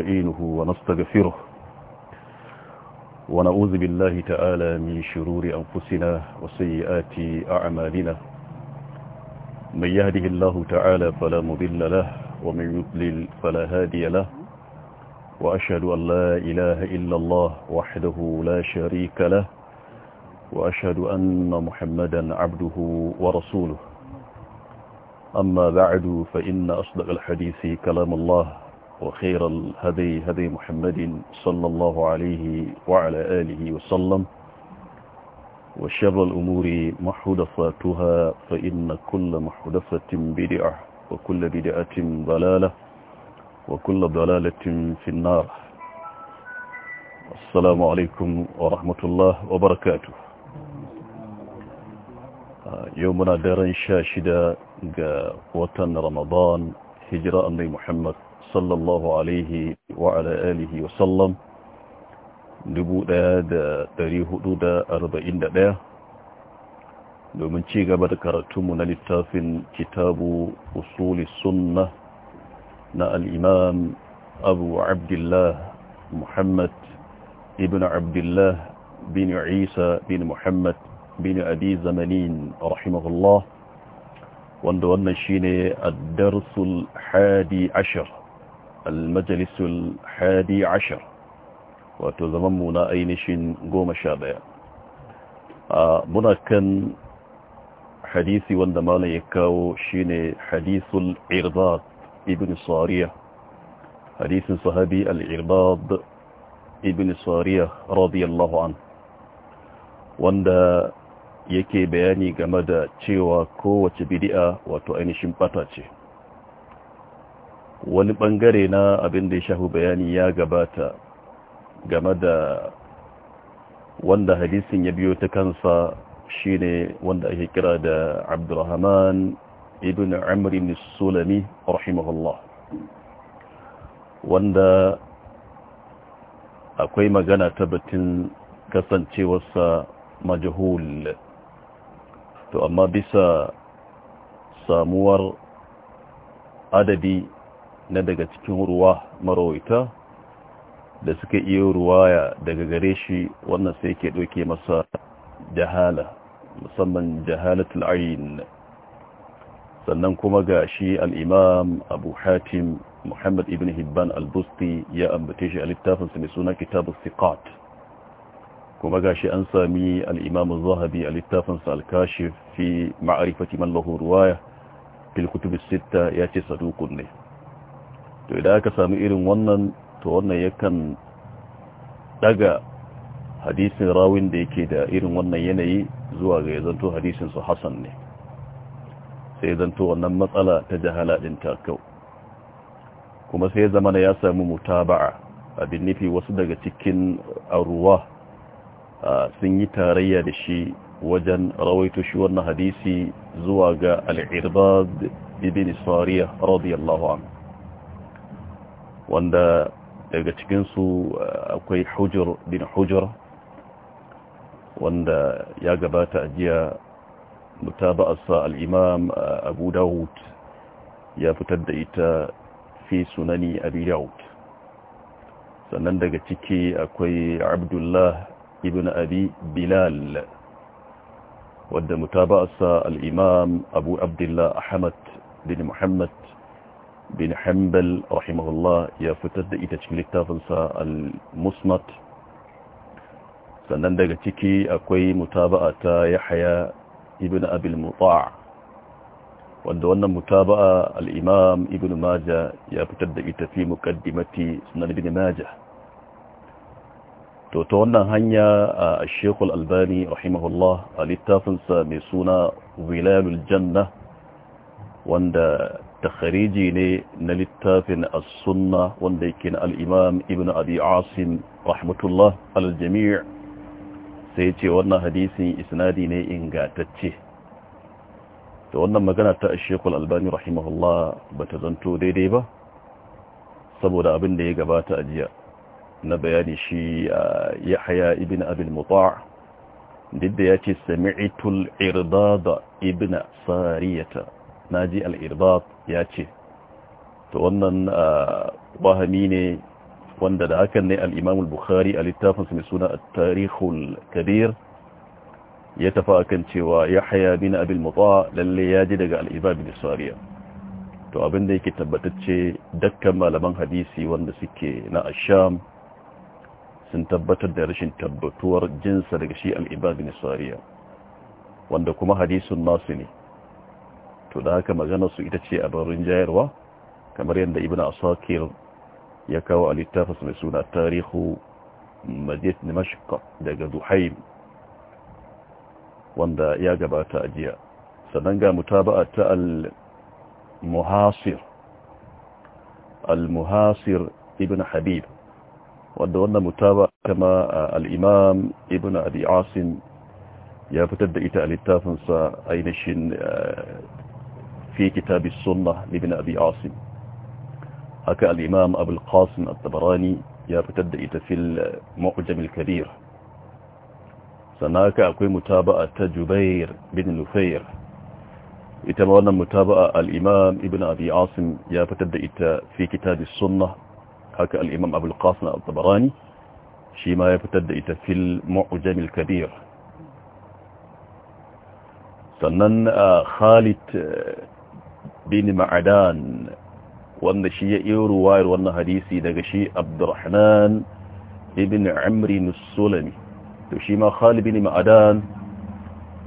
نستعينه ونستغفره ونعوذ بالله تعالى من شرور أنفسنا وسيئات أعمالنا من يهده الله تعالى فلا مضل له ومن يضلل فلا هادي له وأشهد أن لا إله إلا الله وحده لا شريك له وأشهد أن محمدا عبده ورسوله أما بعد فإن أصدق الحديث كلام الله وخير الهدي هدي محمد صلى الله عليه وعلى آله وسلم وشر الأمور محدثاتها فإن كل محدثة بدعة وكل بدعة ضلالة وكل ضلالة في النار السلام عليكم ورحمة الله وبركاته يومنا دارا شاشدة وطن رمضان هجرة أمي محمد صلى الله عليه وعلى آله وسلم لبودا دا تاريه دودا أربعين دا لمن تيغا بدا كرتمنا لتافن كتاب أصول السنة نا الإمام أبو عبد الله محمد ابن عبد الله بن عيسى بن محمد بن أبي زمنين رحمه الله وندوان شيني الدرس الحادي عشر المجلس الحادي عشر وتزممنا أينش قوم شابع منا كان حديثي واندما يكاو شين حديث العرباط ابن صارية حديث صحابي العرباط ابن صارية رضي الله عنه wanda يكي بياني game da cewa kowace bidi'a wato ainihin bata wani bangare na abin da ya shahu bayani ya gabata game da wanda hadisin ya biyo ta kansa shine wanda ake kira da abdurrahman ibn amr ibn sulami rahimahullah wanda akwai magana ta batun kasancewarsa majahul to amma bisa samuwar adabi na daga cikin ruwa marawaita da suka iya ruwaya daga gare shi wannan sai ke ɗauke masa jahala musamman jahalatul ayin sannan kuma ga shi al'imam abu hatim muhammad ibn hibban al-busti ya ambata shi a littafinsa mai suna kitabun siqat kuma ga shi an sami al'imam zahabi a littafinsa al-kashif fi ma'arifati mallahu ruwaya fil kutubis sitta ya ce sadukun ne to idan aka sami irin wannan to wannan yakan daga hadisin rawin da yake da irin wannan yanayi zuwa ga zanto hadisin su hasan ne sai zanto wannan matsala ta jahala din ta kau kuma sai zamana ya samu mutaba'a abin nufi wasu daga cikin arwa sun yi tarayya da shi wajen rawaito shi wannan hadisi zuwa ga al-irbad ibn sariyah radiyallahu anhu wanda daga cikinsu eh, akwai hujjar bin hujjar wanda ya gabata a jiya mutaba'arsa al'imam eh, abu dawud ya fitar da ita fi sunani abu dawud sannan daga ciki akwai abdullah ibn abi bilal wadda mutaba'arsa al'imam abu abdullah ahmad bin muhammad bin hanbal rahimahullah ya fitar da ita cikin littafinsa al-musnad sannan daga ciki akwai mutaba'a ta yahya ibn abil muta' wanda wannan mutaba'a al-imam ibn majah ya fitar da ita fi muqaddimati sunan ibn majah to ta wannan hanya a Sheikh Al-Albani rahimahullah a littafinsa mai suna Zilalul Janna wanda takhariji ne na littafin as-sunna wanda yake na al-imam ibn abi asim rahmatullah al-jami' sai ce wannan hadisin isnadi ne ingatacce to wannan magana ta Sheikh al-Albani rahimahullah bata zanto daidai ba saboda abin da ya gabata a jiya na bayani shi Yahya ibn Abi al-Muta' didda yace sami'tul irdada ibn Sariyata naji al-irbat ya ce to wannan wahami ne wanda da hakan ne al-imam bukhari a littafinsa mai suna at-tarikhul kabir ya tafi akan cewa yahya bin abin muta lalle ya ji daga al-ibab bin sariya to abinda da yake tabbatacce dukkan malaman hadisi wanda suke na asham sun tabbatar da rashin tabbatuwar jinsa daga shi al-ibab bin sariya wanda kuma hadisun nasu ne to da haka maganar su ita ce a barin jayarwa kamar yadda ibn asakir ya kawo a littafis mai suna tarihu majid dimashq daga duhaim wanda ya gabata a jiya sannan ga mutaba'a ta al-muhasir al-muhasir ibn habib wanda wannan mutaba kama al-imam ibn abi asin ya fitar da ita a littafinsa ainihin eh, في كتاب السنة لابن أبي عاصم هكا الإمام أبو القاسم الطبراني يا بتبدأ في المعجم الكبير سناك أكوي متابعة جبير بن نفير يتمنى متابعة الإمام ابن أبي عاصم يا بتبدأ في كتاب السنة هكا الإمام أبو القاسم الطبراني شيما يبتدئ في المعجم الكبير سنن آه، خالد آه، bin ma'adan wanda shi ya iya ruwayar wannan hadisi daga shi abdurrahman ibn amri nusulami to shi ma khalid bin ma'adan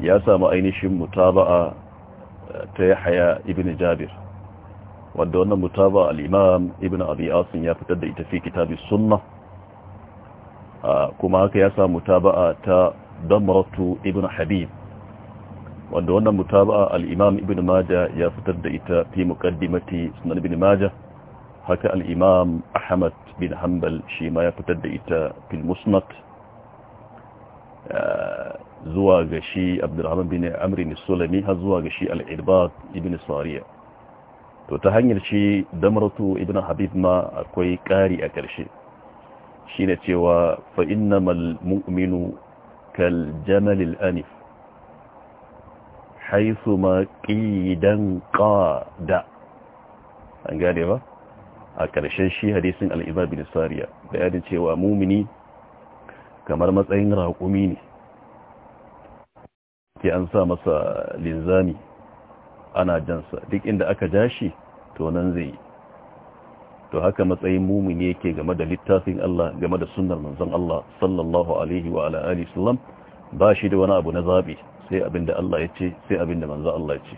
ya samu ainihin mutaba'a eh, ta yahya ibn jabir wanda wannan mutaba al-imam ibn abi asim ya fitar da ita fi kitabis sunnah ah, kuma haka ya samu mutaba'a ta damratu ibn habib wanda wannan mutaba'a al-imam ibn majah ya fitar da ita fi muqaddimati sunan ibn majah haka al-imam ahmad bin hanbal shi ma ya fitar da ita fil musnad zuwa ga shi abdurrahman bin amr bin sulami har zuwa ga shi al-irbad ibn sariya to ta hanyar shi damratu ibn habib ma akwai ƙari a karshe shine cewa fa innamal mu'minu kal jamalil anif haisu ƙidan ƙada an gane ba a ƙarshen shi hadisin al'iza bin sariya bayanin cewa mumini kamar matsayin raƙumi ne ke an sa masa linzami ana jansa duk inda aka ja shi to zai to haka matsayin mumini yake game da littafin Allah game da sunnar manzon Allah sallallahu alaihi wa ba shi da wani abu na zaɓe sai abinda Allah ya ce sai abinda manzo Allah ya ce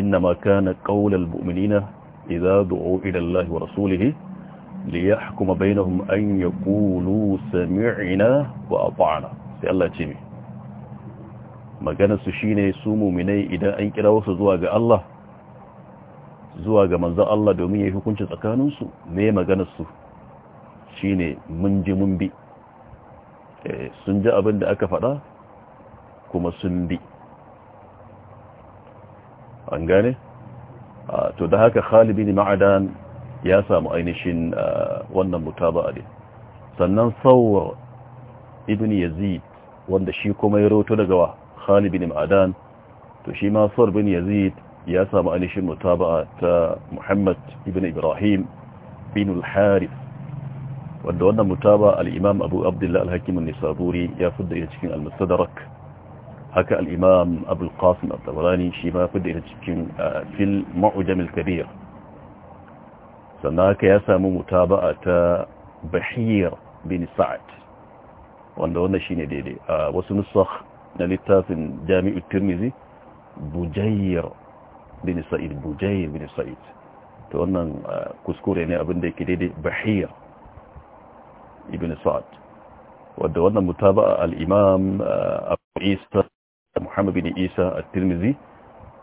inna ma kana qaulal mu'minina idza du'u ila Allah wa rasulihi liyahkuma bainahum an yaqulu sami'na wa ata'na sai Allah ya ce mi su shine su mu'minai idan an kira wasu zuwa ga Allah zuwa ga manzo Allah domin yayi hukunci tsakanin su me maganar su shine mun ji mun bi eh, sun ji abin da aka faɗa kuma sun bi an gane to da haka khalibi ne ma'adan ya samu ainihin wannan mutaba ne sannan sawar ibn yazid wanda shi kuma ya roto daga wa khalibi ne ma'adan to shi ma sauwar bin yazid ya samu ainihin mutaba ta muhammad ibn ibrahim bin al-harif wanda wannan mutaba al-imam abu abdullahi al-hakim an-nisaburi ya fudda cikin al-mustadrak haka al'imam abul qasim al-tabarani shi ma fi da ita cikin ah, fil ma'ujamil kabir sannan haka ya samu mutaba'a ta bahir bin sa'ad wanda wannan shine daidai a ah, wasu nusakh na littafin jami'u tirmizi bujayir bin sa'id bujayir bin sa'id to wannan ah, kuskure ne abinda da yake daidai bahir ibn sa'ad wadda wannan mutaba'a al-imam abu isa muhammad bin isa a tirmizi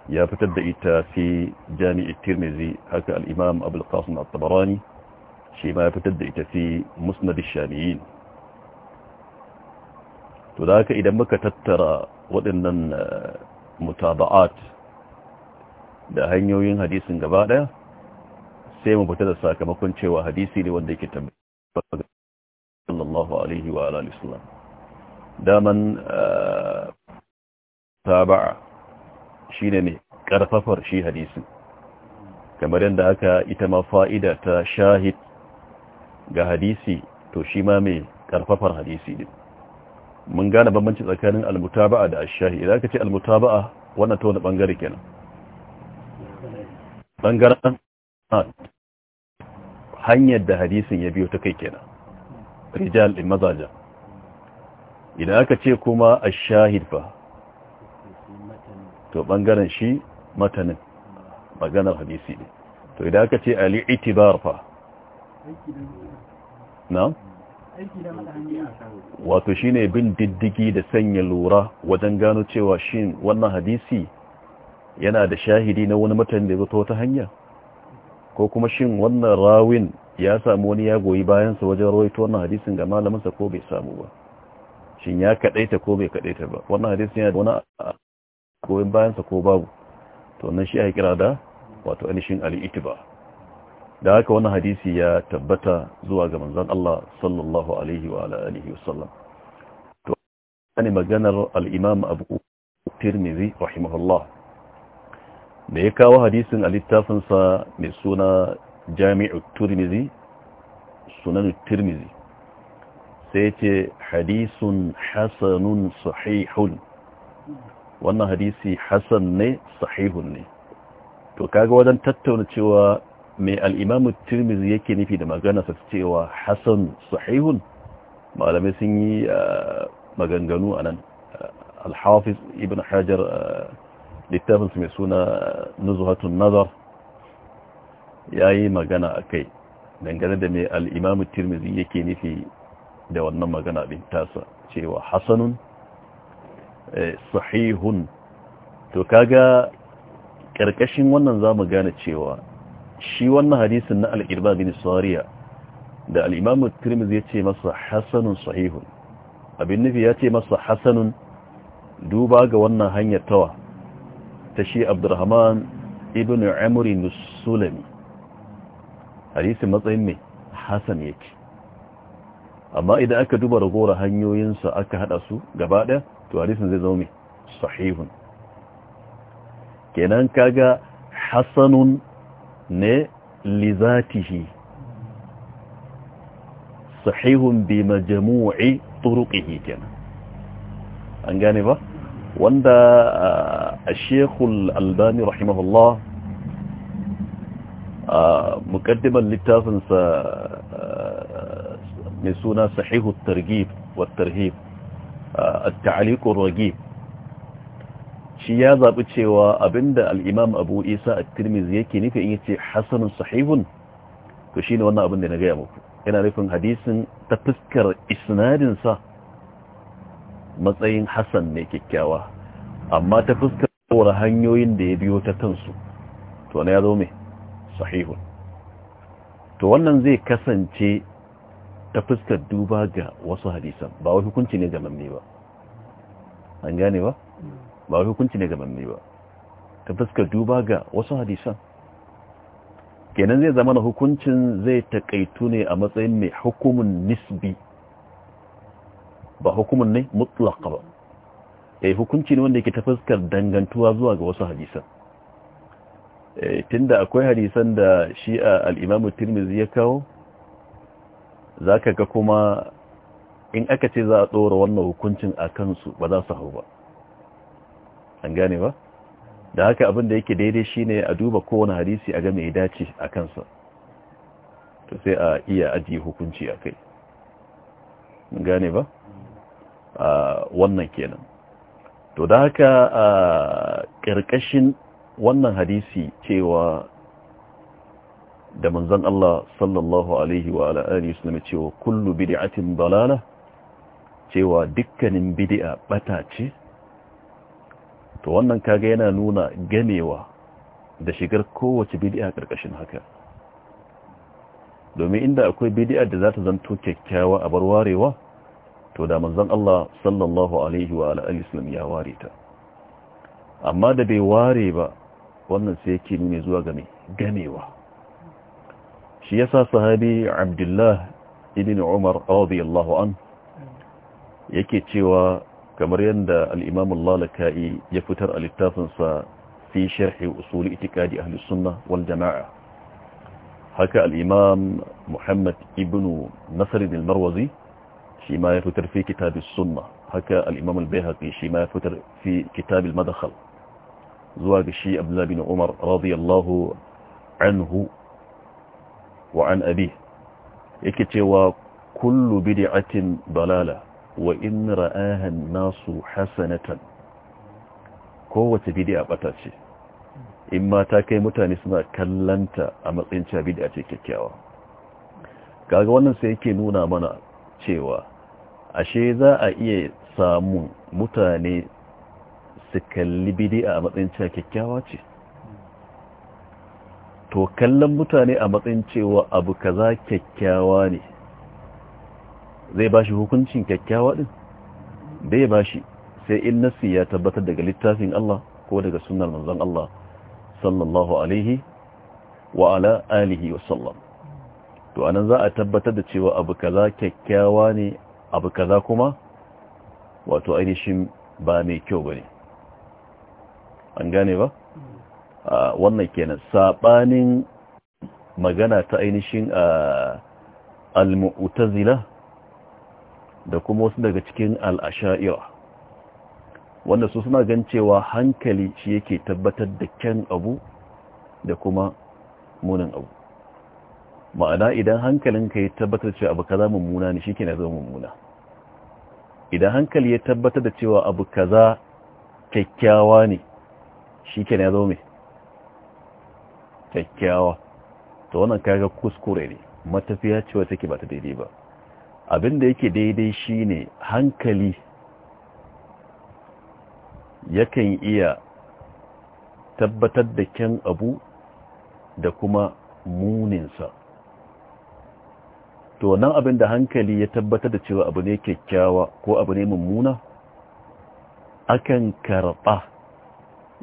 ya fitar da ita fi jami'ar tirmizi haka Al-Imam abulkasun al-tabarani shi ma ya fitar da ita fi musnadin shamiyin to da haka idan muka tattara waɗannan eh, mutaba'at da hanyoyin hadisin gaba ɗaya sai mu fitar da sakamakon cewa hadisi ne wanda yake tabbata sallallahu alaihi wa alihi wasallam daman eh, taba'a shine ne karfafar shi hadisin kamar yadda aka ita ma fa'ida ta shahid ga hadisi to shi ma mai ƙarfafar hadisi din mun gane bambanci tsakanin almutaba'a da ash-shahid idan ka ce almutaba'a wannan ta wani bangare kenan Ɓangaren? hanyar da hadisin ya biyo ta kai kenan rijal mazaja idan aka ce kuma ash-shahid fa to bangaren shi matanin maganar hadisi ne to idan aka ce ali itibar fa na wato shine bin diddigi da sanya lura wajen gano cewa shin wannan hadisi yana da shahidi na wani matan da zato ta hanya ko kuma shin wannan rawin ya samu wani ya goyi bayansa wajen rawaito wannan hadisin ga malaminsa ko bai samu ba shin ya kadaita ko bai kadaita ba wannan hadisin yana da wani Ko in bayansa ko babu to wannan shi ya kira da wato ainihin al'itiba da haka wannan hadisi ya tabbata zuwa ga manzon Allah sallallahu alaihi wa alihi wasallam to ani maganar al-imam Abu Tirmidhi rahimahullah da ya kawo hadisin a littafinsa sa mai suna Jami'u Tirmidhi sunan Tirmizi? sai ce hadisun hasanun sahihun wannan hadisi hasan ne sahihun ne to kaga wajen tattauna cewa mai al'imamu tirmizi yake nufi da magana sa cewa hasan sahihun malamai sun yi ah, maganganu a nan ah, alhafiz ibn hajar ah, littafinsu mai suna nuzuhatun nazar ya yi magana a kai dangane da mai al'imamu tirmizi yake nufi da wannan magana bin tasa cewa hasanun Eh, sahihun to kaga karkashin wannan zamu gane cewa shi wannan hadisin na al-irba bin sawariya da al-imam at-tirmidhi yace masa hasanun sahihun abin nufi yace masa hasanun duba ga wannan hanyar tawa ta shi abdurrahman ibn amr sulami hadisi matsayin mai hasan yake amma idan aka duba ragowar hanyoyinsa aka hada su gaba daya to hadisin zai zama sahihun kenan kaga hasanun ne lizatihi sahihun bi majmu'i turuqihi kenan an gane ba wanda a ah, shekul albani rahimahullah a ah, mukaddiman littafinsa ah, mai suna sahihu targhib wa tarhib at-ta'liqur shi ya zabi cewa abinda al-imam Abu Isa at-Tirmidhi yake nufi in yace hasanun sahihun to shine wannan abin da na gaya muku ina nufin hadisin ta fuskar isnadin sa matsayin hasan ne kikkiawa amma ta fuskar saboda hanyoyin da ya biyo ta kansu to na ya zo me sahihun to wannan zai kasance ta fuskar duba ga wasu hadisan ba wai hukunci ne mamme ba an gane ba ba wai hukunci ne mamme ba ta fuskar duba ga wasu hadisan kenan zai zama na hukuncin zai taƙaitu ne a matsayin mai hukumin nisbi ba hukumin ne mutlaka ba eh hukunci ne wanda yake ta fuskar dangantuwa zuwa ga wasu hadisan eh, tunda akwai hadisan da shi a al'imamu tirmizi ya kawo za ka ga kuma in aka ce za a tsoro wannan hukuncin a kansu ba za su hau ba an gane ba da haka abin da yake daidai shi ne a duba kowane hadisi a game ya dace a kansa to sai a iya ajiye hukunci a kai an gane ba a wannan kenan to da haka a ƙarƙashin wannan hadisi cewa da manzon Allah sallallahu alaihi wa alihi wasallam cewa kullu bid'atin dalala cewa dukkanin bid'a bata ce to wannan kaga yana nuna ganewa da shigar kowace bid'a ƙarƙashin haka domin inda akwai bid'a da za ta zanto kyakkyawa a bar warewa to da manzon Allah sallallahu alaihi wa alihi wasallam ya ware ta amma da bai ware ba wannan sai yake nuna zuwa game ganewa shi yasa sahabi abdullah ibn umar radiyallahu an yake cewa kamar yadda al-imam al-lalaka'i ya fitar a littafinsa fi sharhi usul itikadi ahli sunna wal jama'a haka al-imam muhammad ibn nasr al-marwazi shi ma ya fitar fi kitab sunna haka al-imam al-bayhaqi shi ma ya fitar fi kitab al-madkhal zuwa ga shi abdullah ibn umar radiyallahu anhu wa an abi yake cewa kullu bid'atin balala wa in ra'aha an-nasu hasanatan kowace bid'a bata ce in mata kai mutane suna kallanta a matsayin cewa bid'a ce kyakkyawa kaga wannan sai ke nuna mana cewa ashe za a iya samun mutane su kalli bid'a a matsayin cewa kyakkyawa ce to kallon mutane a matsayin cewa abu kaza kyakkyawa ne zai ba shi hukuncin kyakkyawa din bai ba shi sai in nasi ya tabbatar daga littafin Allah ko daga sunnar manzon Allah sallallahu alaihi wa ala alihi wa sallam to anan za a tabbatar da cewa abu kaza kyakkyawa ne abu kaza kuma wato ainihin ba mai kyau bane an gane ba wannan kenan sabanin magana ta ainihin al-mu'tazila da kuma wasu daga cikin al-asha'ira wanda su suna gan cewa hankali shi yake tabbatar da kyan abu da kuma munin abu ma'ana idan hankalinka ya tabbatar cewa abu kaza mummuna ne shike na zama mummuna idan hankali ya tabbatar da cewa abu kaza kyakkyawa ne shike na zama mai kyakkyawa to wannan kaga kuskure ne matafiya ce wata take ba ta daidai ba abin da yake daidai shine hankali yakan iya tabbatar da kyan abu da kuma muninsa to nan abin da hankali ya tabbatar da cewa abu ne kyakkyawa ko abu ne mummuna akan karɓa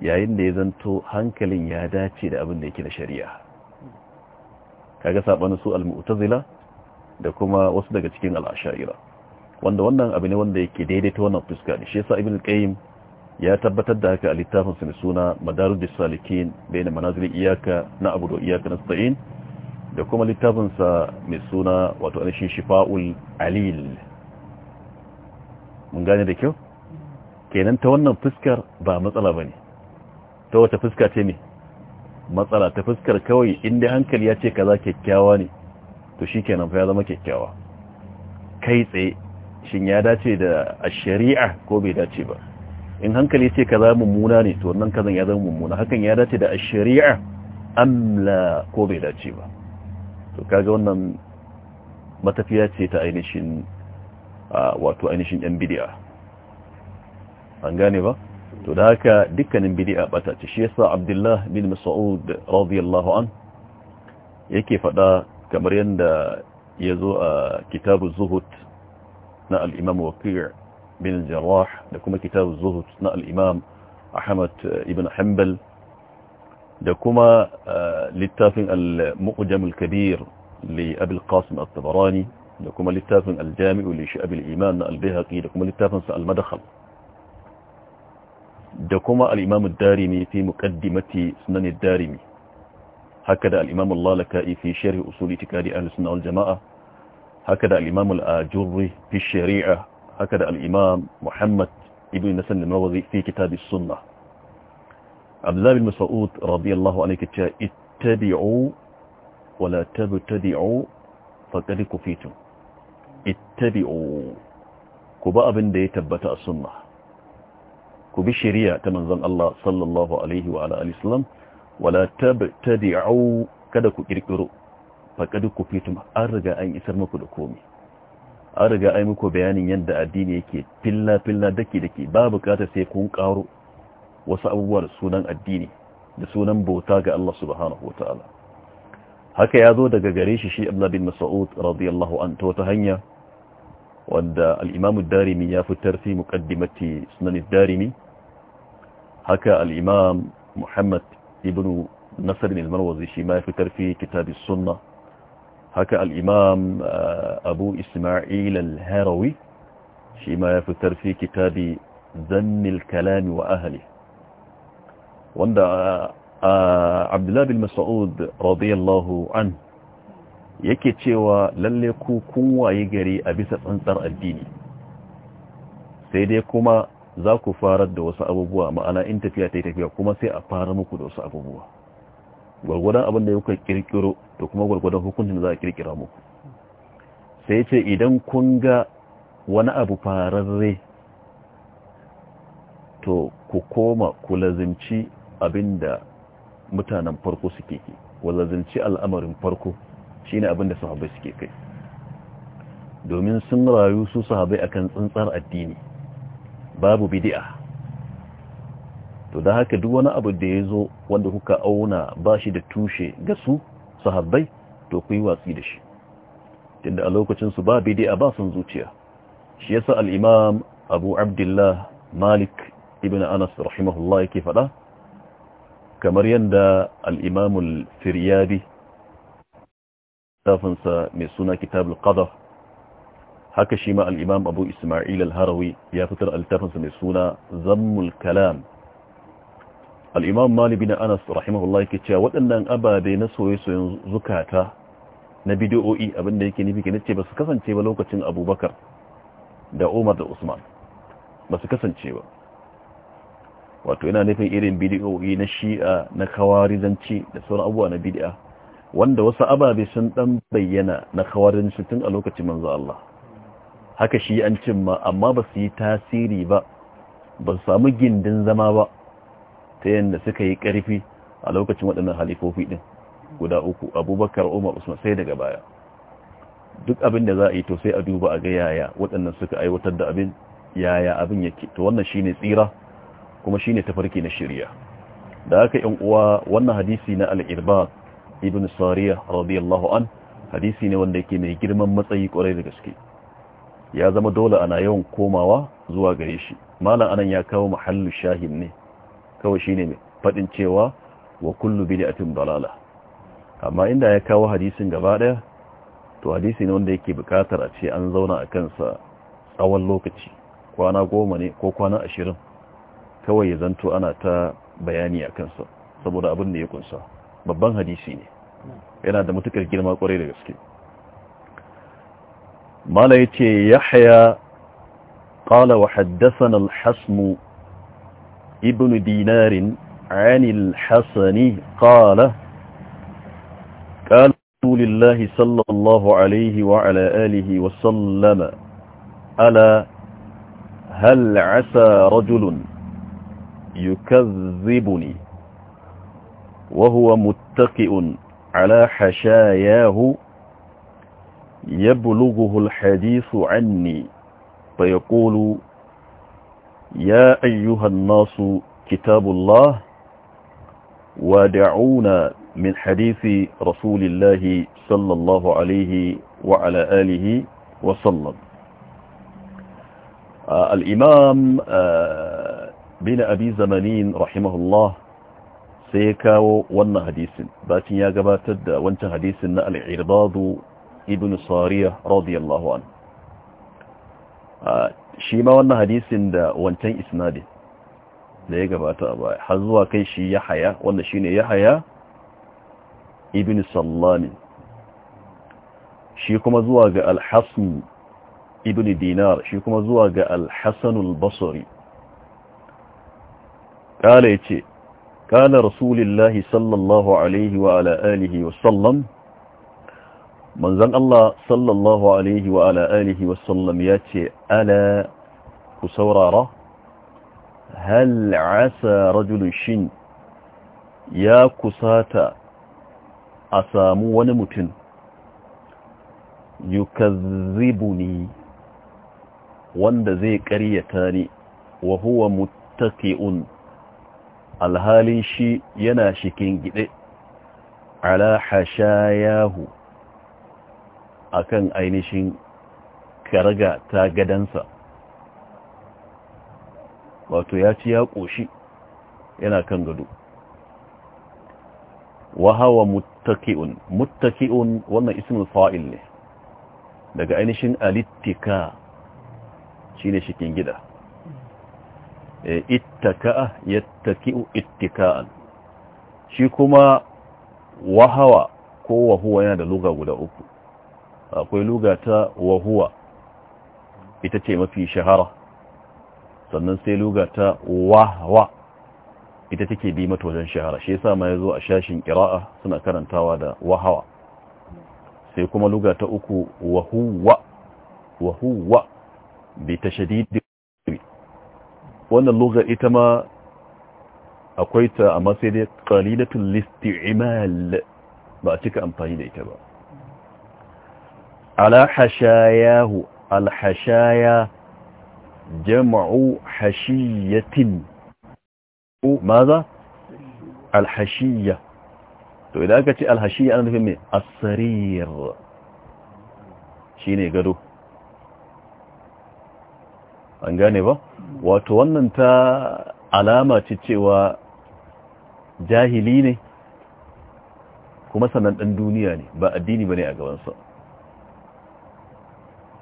yayin da ya zanto hankalin ya dace da abin da yake da shari'a kaga sabanin su al-mu'tazila da kuma wasu daga cikin al ashaira wanda wannan abu ne wanda yake ta wannan fuska ne shi yasa ibn qayyim ya tabbatar da haka a littafin sa suna madarujus salikin bayan manazil iyaka na abudu iyaka nasta'in da kuma littafin sa mai suna wato anishin shifa'ul alil mun gane da kyau kenan ta wannan fuskar ba matsala bane ta wata fuska ce ne matsala ta fuskar kawai inda hankali ya ce kaza kyakkyawa ne to shi kenan fa ya zama kyakkyawa kai tsaye shin ya dace da a shari'a ko bai dace ba in hankali ce kaza mummuna ne to wannan kazan ya zama mummuna hakan ya dace da a shari'a amla ko bai dace ba to kaga wannan matafiya ce ta ainihin wato ainihin yan bidiya an gane ba to da haka dukkanin bid'a bata ce shi yasa Abdullah bin Mas'ud radiyallahu an yake fada kamar yanda yazo a kitabu zuhud na al-Imam Waqi' bin Jarrah da kuma kitabu zuhud na al-Imam Ahmad ibn Hanbal da kuma littafin al-Muqjam al-Kabir li Abi al-Qasim al tabarani da kuma littafin al-Jami' li Shi'ab al-Iman na al bihaqi da kuma littafin sa al-Madkhal da kuma al'imamu darimi fi muƙaddimati sunanin darimi haka da al'imamu lalaka'i fi sharhi usuli tikari al-suna al-jama'a haka da al'imamu al'ajurri fi shari'a haka da al'imam muhammad ibn nasar limawazi fi kitabi sunna abdullabin masa'ud radiyallahu alaika ce ittabi'u wala tabtadi'u faƙari ku fito ittabi'u ku ba abin da ya tabbata a sunna ku bi shari'a ta manzon Allah sallallahu alaihi wa alihi wasallam wala tabtadi'u kada ku kirkiro faqad ku fitum an riga an isar muku da komai an riga ai muku bayanin yadda addini yake filla filla dake dake babu bukatar sai kun karo wasu abubuwa da sunan addini da sunan bauta ga Allah subhanahu wataala haka ya zo daga gare shi shi Abdullah bin Mas'ud radiyallahu anhu ta hanya وأن الإمام الدارمي يفتر في مقدمة سنن الدارمي هكا الإمام محمد ابن نصر المروزي شما يفتر في كتاب السنة هكا الإمام آه، أبو إسماعيل الهروي شما يفتر في كتاب ذن الكلام وأهله وأن آه، آه، عبد الله بن مسعود رضي الله عنه yake cewa lalle ku kun waye gari a bisa tsantsar addini sai dai kuma za ku farar da wasu abubuwa ma'ana in tafiya ta yi tafiya kuma sai a fara muku da wasu abubuwa gwargwadon abin da kuka kirkiro to kuma gwargwadon hukuncin za a kirkira muku sai ce idan kun ga wani abu fararre to ku koma ku lazimci abin da mutanen farko suke ki ku lazimci al'amarin farko shine abin da sahabbai suke kai domin sun rayu su sahabai a kan tsuntsar addini babu bidi'a to da haka duk wani abu da ya zo wanda kuka auna ba shi da tushe ga su sahabbai to ku yi watsi da shi tunda a lokacinsu ba bidi'a ba sun zuciya shi yasa al'imam abu abdullah malik ibn anas rahimahullah yake faɗa kamar yadda al'imamul firyadi littafinsa mai suna kitabul Qadar haka shi ma alimam abu isma'il al-harawi ya fitar al-tafinsa mai suna zammul kalam al Malibi na bin anas rahimahullah yake cewa waɗannan ababe na soyayyen zukata na bidiyo'i abinda yake nufi ke nace ba su kasance ba lokacin abubakar da umar da usman ba su kasance ba wato yana nufin irin bidiyo'i na shi'a na kawarizanci da sauran abuwa na bidi'a wanda wasu ababe sun dan bayyana na kawarin shi tun a lokacin manzo Allah haka shi an ma amma ba su yi tasiri ba ba su samu gindin zama ba ta yadda suka yi ƙarfi a lokacin waɗannan halifofi ɗin guda uku abubakar umar usman sai daga baya duk abin da za a yi to sai a duba a ga yaya waɗannan suka aiwatar da abin yaya abin yake to wannan shine tsira kuma shine tafarki na shirya da haka yan uwa wannan hadisi na al ibn sariya radiyallahu an hadisi ne wanda yake mai girman matsayi kwarai da gaske ya zama dole ana yawan komawa zuwa gare shi malam anan ya kawo mahallu shahin ne kawai shine mai fadin cewa wa kullu bid'atin dalala amma inda ya kawo hadisin gaba daya to hadisi ne wanda yake bukatar a ce an zauna a kansa tsawon lokaci kwana goma ne ko kwana ashirin kawai ya zanto ana ta bayani a kansa saboda abin da ya kunsa babban hadisi ne yana da mutukar girma kwarai da gaske mala ce yahya qala wa haddathana al-hasm ibn dinar عن hasani قال قال رسول sallallahu صلى wa ala alihi wa sallama ala هل عسى رجل يكذبني وهو متكئ على حشاياه يبلغه الحديث عني فيقول يا أيها الناس كتاب الله ودعونا من حديث رسول الله صلى الله عليه وعلى آله وسلم آه، الإمام آه، بن أبي زمانين رحمه الله sai ya kawo wannan hadisin bacin ya gabatar da wancan hadisin na al'irbadu ibn sariya radiyallahu an shi ma wannan hadisin da wancan isnadin da ya gabata ba baya har zuwa kai shi ya haya wanda shi ne ya haya ibn sallamin shi kuma zuwa ga alhassan ibn dinar shi kuma zuwa ga alhassanul basari ƙala ya ce قال رسول الله صلى الله عليه وعلى آله وسلم من زن الله صلى الله عليه وعلى آله وسلم ياتي ألا كسورارة هل عسى رجل شن يا كساتا أسامو ونمتن yukazzibuni wanda zai ƙaryata ni wa huwa muttaqi'un alhalin shi yana shikin gide ala hashayahu akan ainihin karaga ta gadansa wato ya ci ya koshi yana kan gado wahawa muttaqiun muttaki'un wannan ismin fa'il ne daga ainihin alittika shine shikin gida Eh, ittaka'a yattaki'u ittika'an shi kuma wahawa ko wahuwa yana da luga guda uku akwai luga ta wahuwa ita ce mafi shahara sannan sai luga ta wahwa ita take bi mata wajen shahara shi yasa ma ya zo a shashin kira'a suna karantawa da wahawa sai kuma luga ta uku wahuwa wahuwa bi tashdid wannan lugar ita ma akwai ta amma sai kalilatun listi imal ba a cika amfani da ita ba alhashayahu alhashaya jama'u hashiyatin jam'u hashiyatin alhashiya to idan aka ce alhashiya ana nufin mai assarir shi ne gado an gane ba wato wannan ta alama ce cewa jahili ne kuma sanan ɗan duniya ne ba addini ba ne a gabansa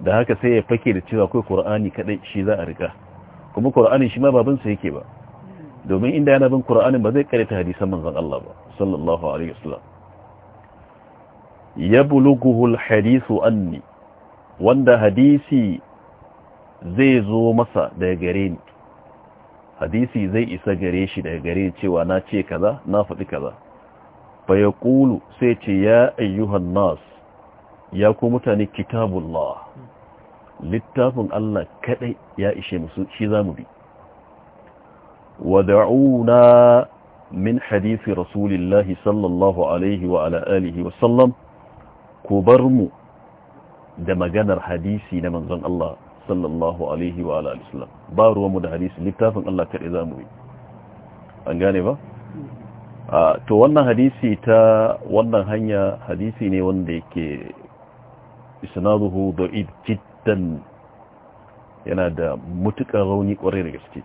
da haka sai ya fake da cewa kai ƙura'ani kaɗai shi za a rika kuma ƙura'anin shi ma babansa yake ba domin inda yana bin ƙura'anin ba zai ƙarita hadisan manzan Allah ba sallallahu alaihi wasallam ya buluguhul hadisu anni wanda hadisi zai zo masa daga gare ni hadisi zai isa gare shi daga gare cewa na ce kaza na faɗi kaza fa ya ƙulu sai ce ya ayyuhan nas ya ku mutane kitabullah littafin Allah kaɗai ya ishe musu shi za mu bi wada'una min hadisi rasulillahi sallallahu alaihi wa ala alihi wasallam ku bar mu da maganar hadisi na manzon Allah sallallahu alaihi wa ala ba ruwanmu da hadisi littafin Allah kaɗe za mu yi an gane ba to wannan hadisi ta wannan hanya hadisi ne wanda yake isnaduhu id jiddan yana da mutuƙar rauni kwarai da gaske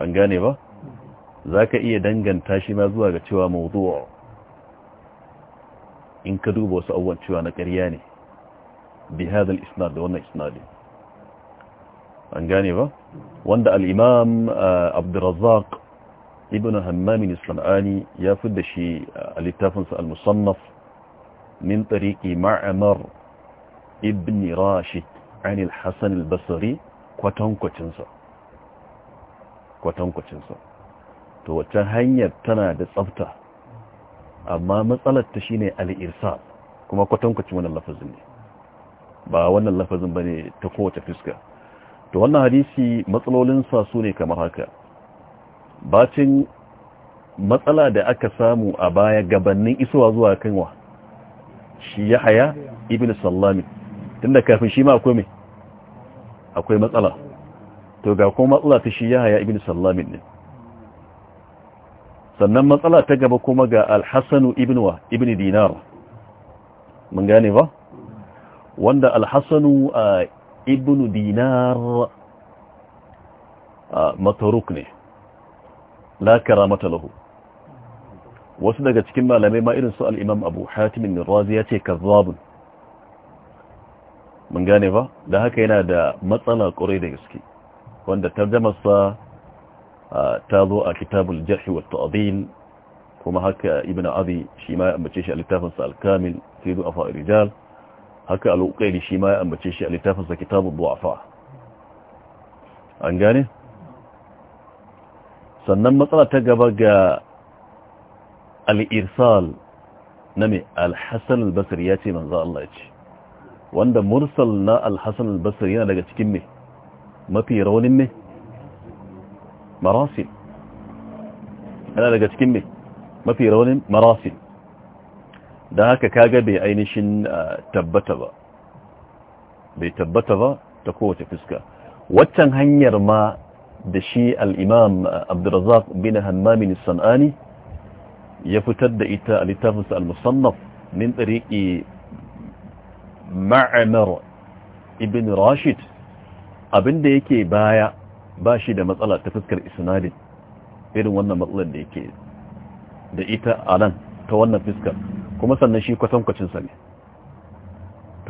an gane ba za ka iya danganta shi ma zuwa ga cewa mawdu'a in ka duba wasu abubuwan cewa na ƙarya ne bi hadal isnad da wannan isnadin an gane ba wanda al'imam uh, abdurrazzaq ibn hammamin islam'ani ya fi da shi uh, a littafinsa al-musannaf min tariki ma'amar ibn rashid anil hassan al-basari kwatankwacinsa to wacce hanyar tana da tsafta amma matsalar ta shine al-irsa kuma kwatankwacin wannan lafazin ne ba wannan lafazin ne ta kowace fuska to wannan hadisi matsalolinsa su ne kamar haka bacin matsala da aka samu a baya gabannin isowa zuwa kanwa shi ya haya ibn sallami tunda kafin shi ma akwai mai akwai matsala to ga kuma matsala ta shi ya haya ibn sallami ne sannan matsala ta gaba kuma ga alhassanu ibn wa ibn dinar mun gane ba wanda alhassanu a ibn dinar ah, mataruk ne la mata lahu wasu daga cikin malamai ma irin su al abu hatimin razi ya ce kazzabun mun gane ba da haka yana da matsala ƙurai da gaske wanda tarjamarsa ah, ta zo a kitabul jarhi wa ta'dil kuma haka ibn abi shi ma ya ambace shi a littafinsa al-kamil sirru afa rijal haka al-uqayli shi ma ya ambace shi a littafin sa kitabud du'afa an gane sannan matsala ta gaba ga al-irsal na mai al-hasan al-basri ya ce manzo Allah ya ce wanda mursal na al-hasan al-basri yana daga cikin me mafi raunin me marasil yana daga cikin me mafi raunin marasil da haka kaga bai ainihin ah, tabbata ba bai tabbata ba ta kowace fuska waccan hanyar ma da shi al'imam ah, abdurazak bin hammamin san'ani ya fitar da ita a littafinsa al-musannaf min tsariƙi ma'amar ibn rashid abinda yake baya ba shi da matsala ta fuskar isnadin irin wannan matsalar da yake da ita a nan ta wannan fuskar kuma sannan shi kwatankwacinsa ne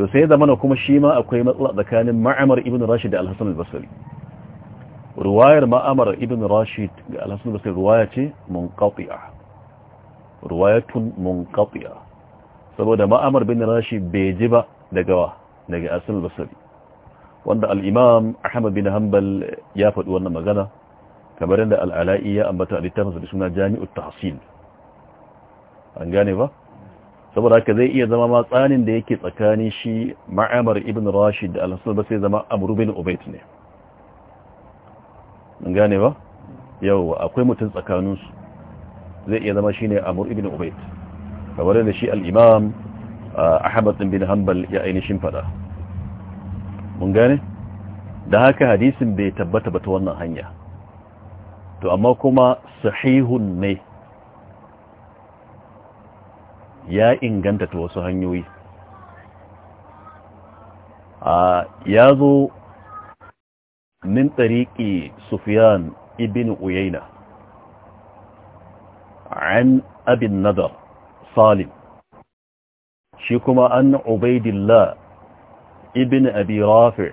to sai zamana kuma shi ma akwai matsala tsakanin ma'amar ibn rashid da alhassan al-basri ruwayar ma'amar ibn rashid da alhassan al-basri ruwaya ce munqati'a ruwayatun munqati'a saboda ma'amar bin rashid bai ji ba daga wa daga asal basri wanda al-imam ahmad bin hanbal ya faɗi wannan magana kamar yadda al-ala'i ya ambata a littafinsa da suna jami'ut tahsil an gane ba saboda haka zai iya zama matsanin da yake tsakanin shi ma'amar ibn rashid da alhassan ba sai zama amru bin ubayt ne mun gane ba yau akwai mutum tsakaninsu zai iya zama shine amru ibn ubayt kamar da shi al-imam ah, ahmad bin hanbal ya ainihin fada mun gane da haka hadisin bai tabbata ba ta wannan hanya to amma kuma sahihun ne ya inganta ta wasu hanyoyi a ya zo min tsariƙi sufiyan ibn uyaina an abin nadar salim shi kuma an ubaidillah ibn abi rafi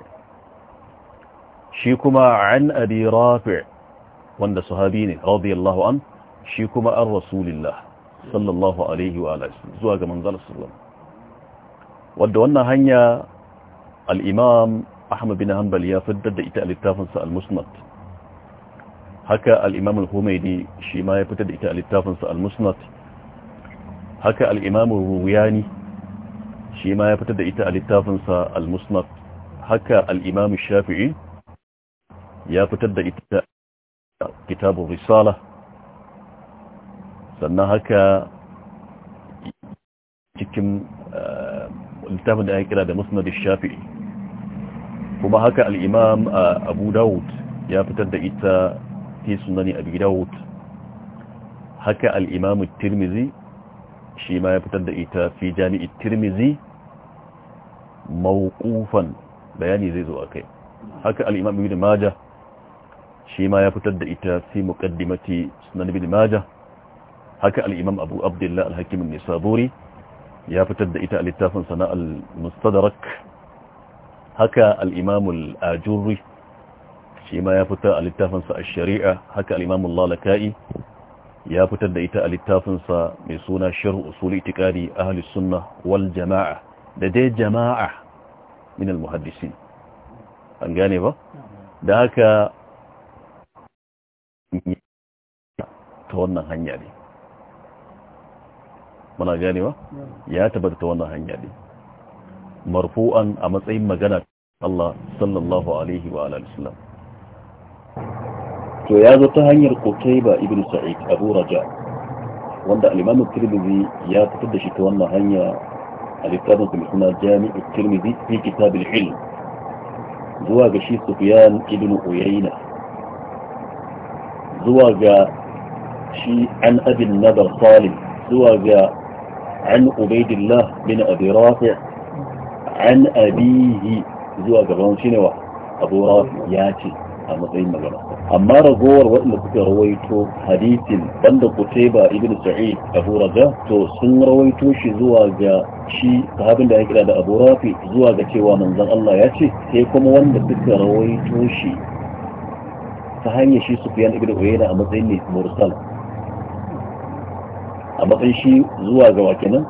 shi kuma an abi rafi wanda sahabi ne radiyallahu an shi kuma an rasulillah sallallahu alaihi wa alihi zuwa ga manzal sallam wadda wannan hanya al'imam imam Ahmad bin Hanbal ya fitar da ita a littafinsa al-Musnad haka al-imam al-Humaydi shi ma ya fitar da ita a littafinsa al-Musnad haka al-imam al shi ma ya fitar da ita a littafinsa al-Musnad haka al-imam shafii ya fitar da ita kitabun risala sannan haka cikin eh, littafin da ya kira da musnad shafi'i kuma haka al a eh, abu dawud ya fitar da ita fi sunani abu dawud haka al-imam tirmizi shi ma ya fitar da ita fi jami'i tirmizi mawqufan bayani zai zo a kai. haka al-imam ibn majah shi ma ya fitar da ita fi muƙaddimati sunan ibn majah haka al'imam abu abdullah al nisaburi ya fitar da ita a littafin sana haka al'imamul imam ajurri shi ma ya fitar a littafin a sharia haka al'imamul lalakai ya fitar da ita a littafin mai suna sharh usul itiqadi ahli sunnah wal jama'a da dai jama'a min al an gane ba da haka ta wannan hanya ne muna ganewa ya tabbata wannan hanya ne marfu'an a matsayin magana Allah sallallahu alaihi wa alihi wasallam to ya ta hanyar Qutayba ibn Sa'id Abu Raja wanda al-Imam Tirmidhi ya fitar da shi ta wannan hanya al-Kitab al-Sunna Jami' al-Tirmidhi fi Kitab al-Ilm zuwa ga shi Sufyan ibn Uyayna zuwa ga shi an abin nadar Salim zuwa ga an ubaidillah bin abi rafi an abihi zuwa gaban shi ne wa a matsayin magana amma ragowar waɗanda suka rawaito hadisin banda kutaiba ibn sa'id abu to sun rawaito shi zuwa ga shi sahabin da da abu rafi zuwa ga cewa manzon Allah ya ce sai kuma wanda suka rawaito shi ta hanyar shi su fiyan ibn uyayna a matsayin ne mursal a matsayin shi zuwa ga wakinan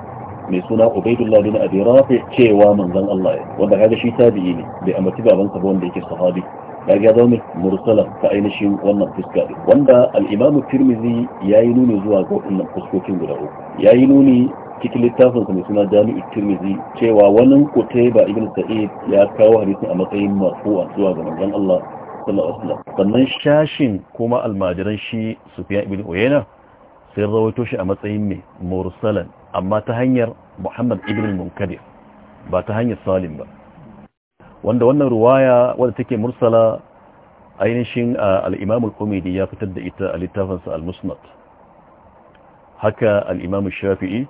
mai suna ubaidullah bin abi rafi cewa manzon Allah ya wanda kaga shi tabi'i ne bai ambaci baban sa ba wanda yake sahabi kaga ya zama mursala ta ainihin wannan fuska wanda al-imam tirmidhi yayi nuni zuwa ga wannan fuskokin guda uku yayi nuni cikin littafin sa mai suna jami'u tirmidhi cewa wani kutaiba ibn sa'id ya kawo hadisin a matsayin marfu'a zuwa ga manzon Allah sallallahu alaihi wasallam sannan shashin kuma almajiran shi sufyan ibn uyayna sai rawaito shi a matsayin mai mursalan amma ta hanyar muhammad ibn munkadir ba ta hanyar salim ba wanda wannan ruwaya wadda take mursala ainihin al'imam al'umidi ya fitar da ita a littafinsa al-musnad haka al'imam shafi'i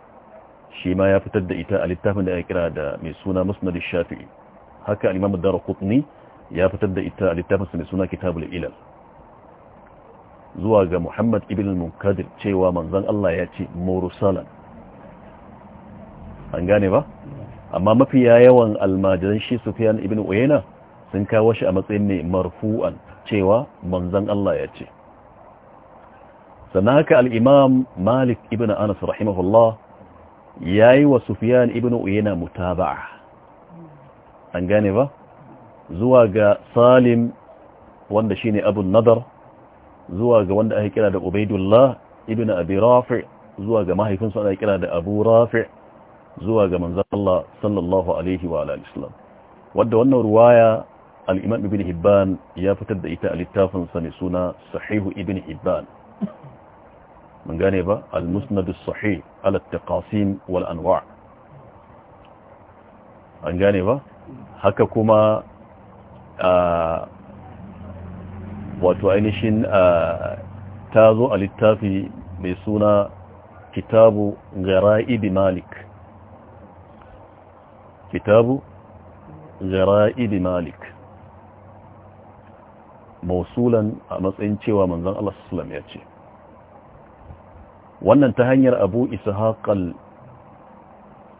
shi ma ya fitar da ita a littafin da ya kira da mai suna musnad shafi'i haka al'imam dara kutni ya fitar da ita a littafinsa mai suna kitabul ilal zuwa ga Muhammad ibn al Munkadir cewa manzon Allah ya ce mursalan an gane ba amma mafi yawan almajiran shi Sufyan ibn Uyayna sun kawo shi a matsayin ne marfu'an cewa manzon Allah ya ce sannan haka al-Imam Malik ibn Anas rahimahullah yayi wa Sufyan ibn Uyayna mutaba'a an gane ba zuwa ga Salim wanda shine Abu Nadar zuwa ga wanda ake kira da Ubaidullah ibn Abi Rafi' zuwa ga mahaifinsa ake kira da Abu Rafi' zuwa ga manzon Allah sallallahu alaihi wa alihi wasallam wanda wannan ruwaya al-Imam Ibn Hibban ya fitar da ita a littafin sa mai suna Sahih Ibn Hibban mun gane ba al-Musnad as-Sahih al-Taqasim wal Anwa' an gane ba haka kuma ah, wato ainihin ta zo a littafi mai suna kitabu gara'idi malik kitabu gara'idi malik mausulan a matsayin cewa manzan Allah sallam ya ce wannan ta hanyar abu haƙal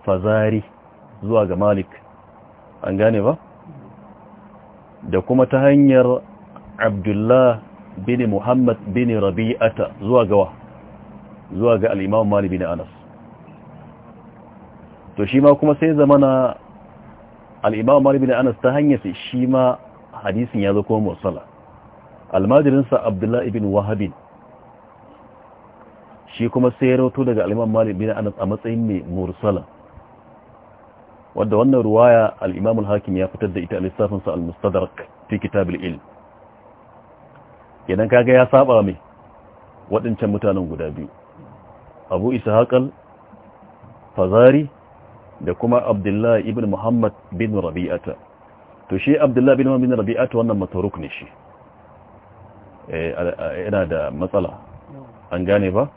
fazari zuwa ga malik an gane ba da kuma ta hanyar abdullah bin muhammad bin rabi'ata zuwa gawa zuwa ga al'imam mali bin anas to shi ma kuma sai zamana al'imam mali bin anas ta hanyar shi ma hadisin ya zo kuma musala almajirinsa abdullah ibn wahabin shi kuma sai ya rauto daga al'imam mali bin anas a matsayin mai mursala wadda wannan ruwaya al'imamul hakim ya fitar da ita a lissafinsa al-mustadrak fi kitab ilm idan kaga ya saba mai waɗancan mutanen guda biyu abu isa haƙal fazari da kuma abdullah ibn muhammad bin rabi'ata to shi abdullah bin muhammad bin rabi'ata wannan mataruk ne shi eh, yana da matsala an gane ba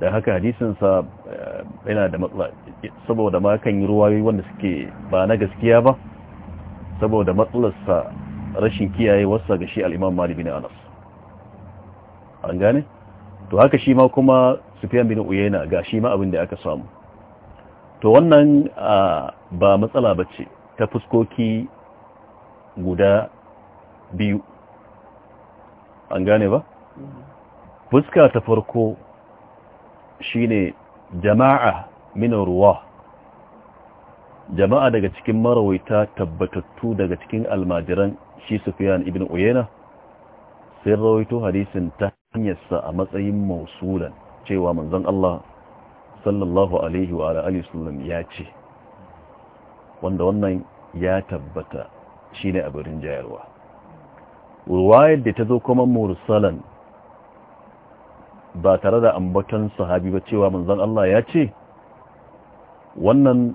da haka hadisinsa eh, yana da matsala saboda ma kan yi ruwayoyi wanda suke ba na gaskiya ba saboda matsalarsa rashin kiyaye wasa ga shi al'imam malibi na anas an gane to haka shi ma kuma sufiyan bin uyena ga shi ma abin da aka samu to wannan ba matsala ba ce ta fuskoki guda biyu an gane ba fuska ta farko shine jama'a min ruwa jama'a daga cikin marawaita tabbatattu daga cikin almajiran shi sufiyan ibn uyena sai rawaito hadisin ta hanyarsa a matsayin mausulan cewa manzan Allah sallallahu alaihi wa alihi sallam ya ce wanda wannan ya tabbata shi a abin jayarwa ruwayar da ta zo kuma mursalan ba tare da ambaton sahabi ba cewa manzan Allah ya ce wannan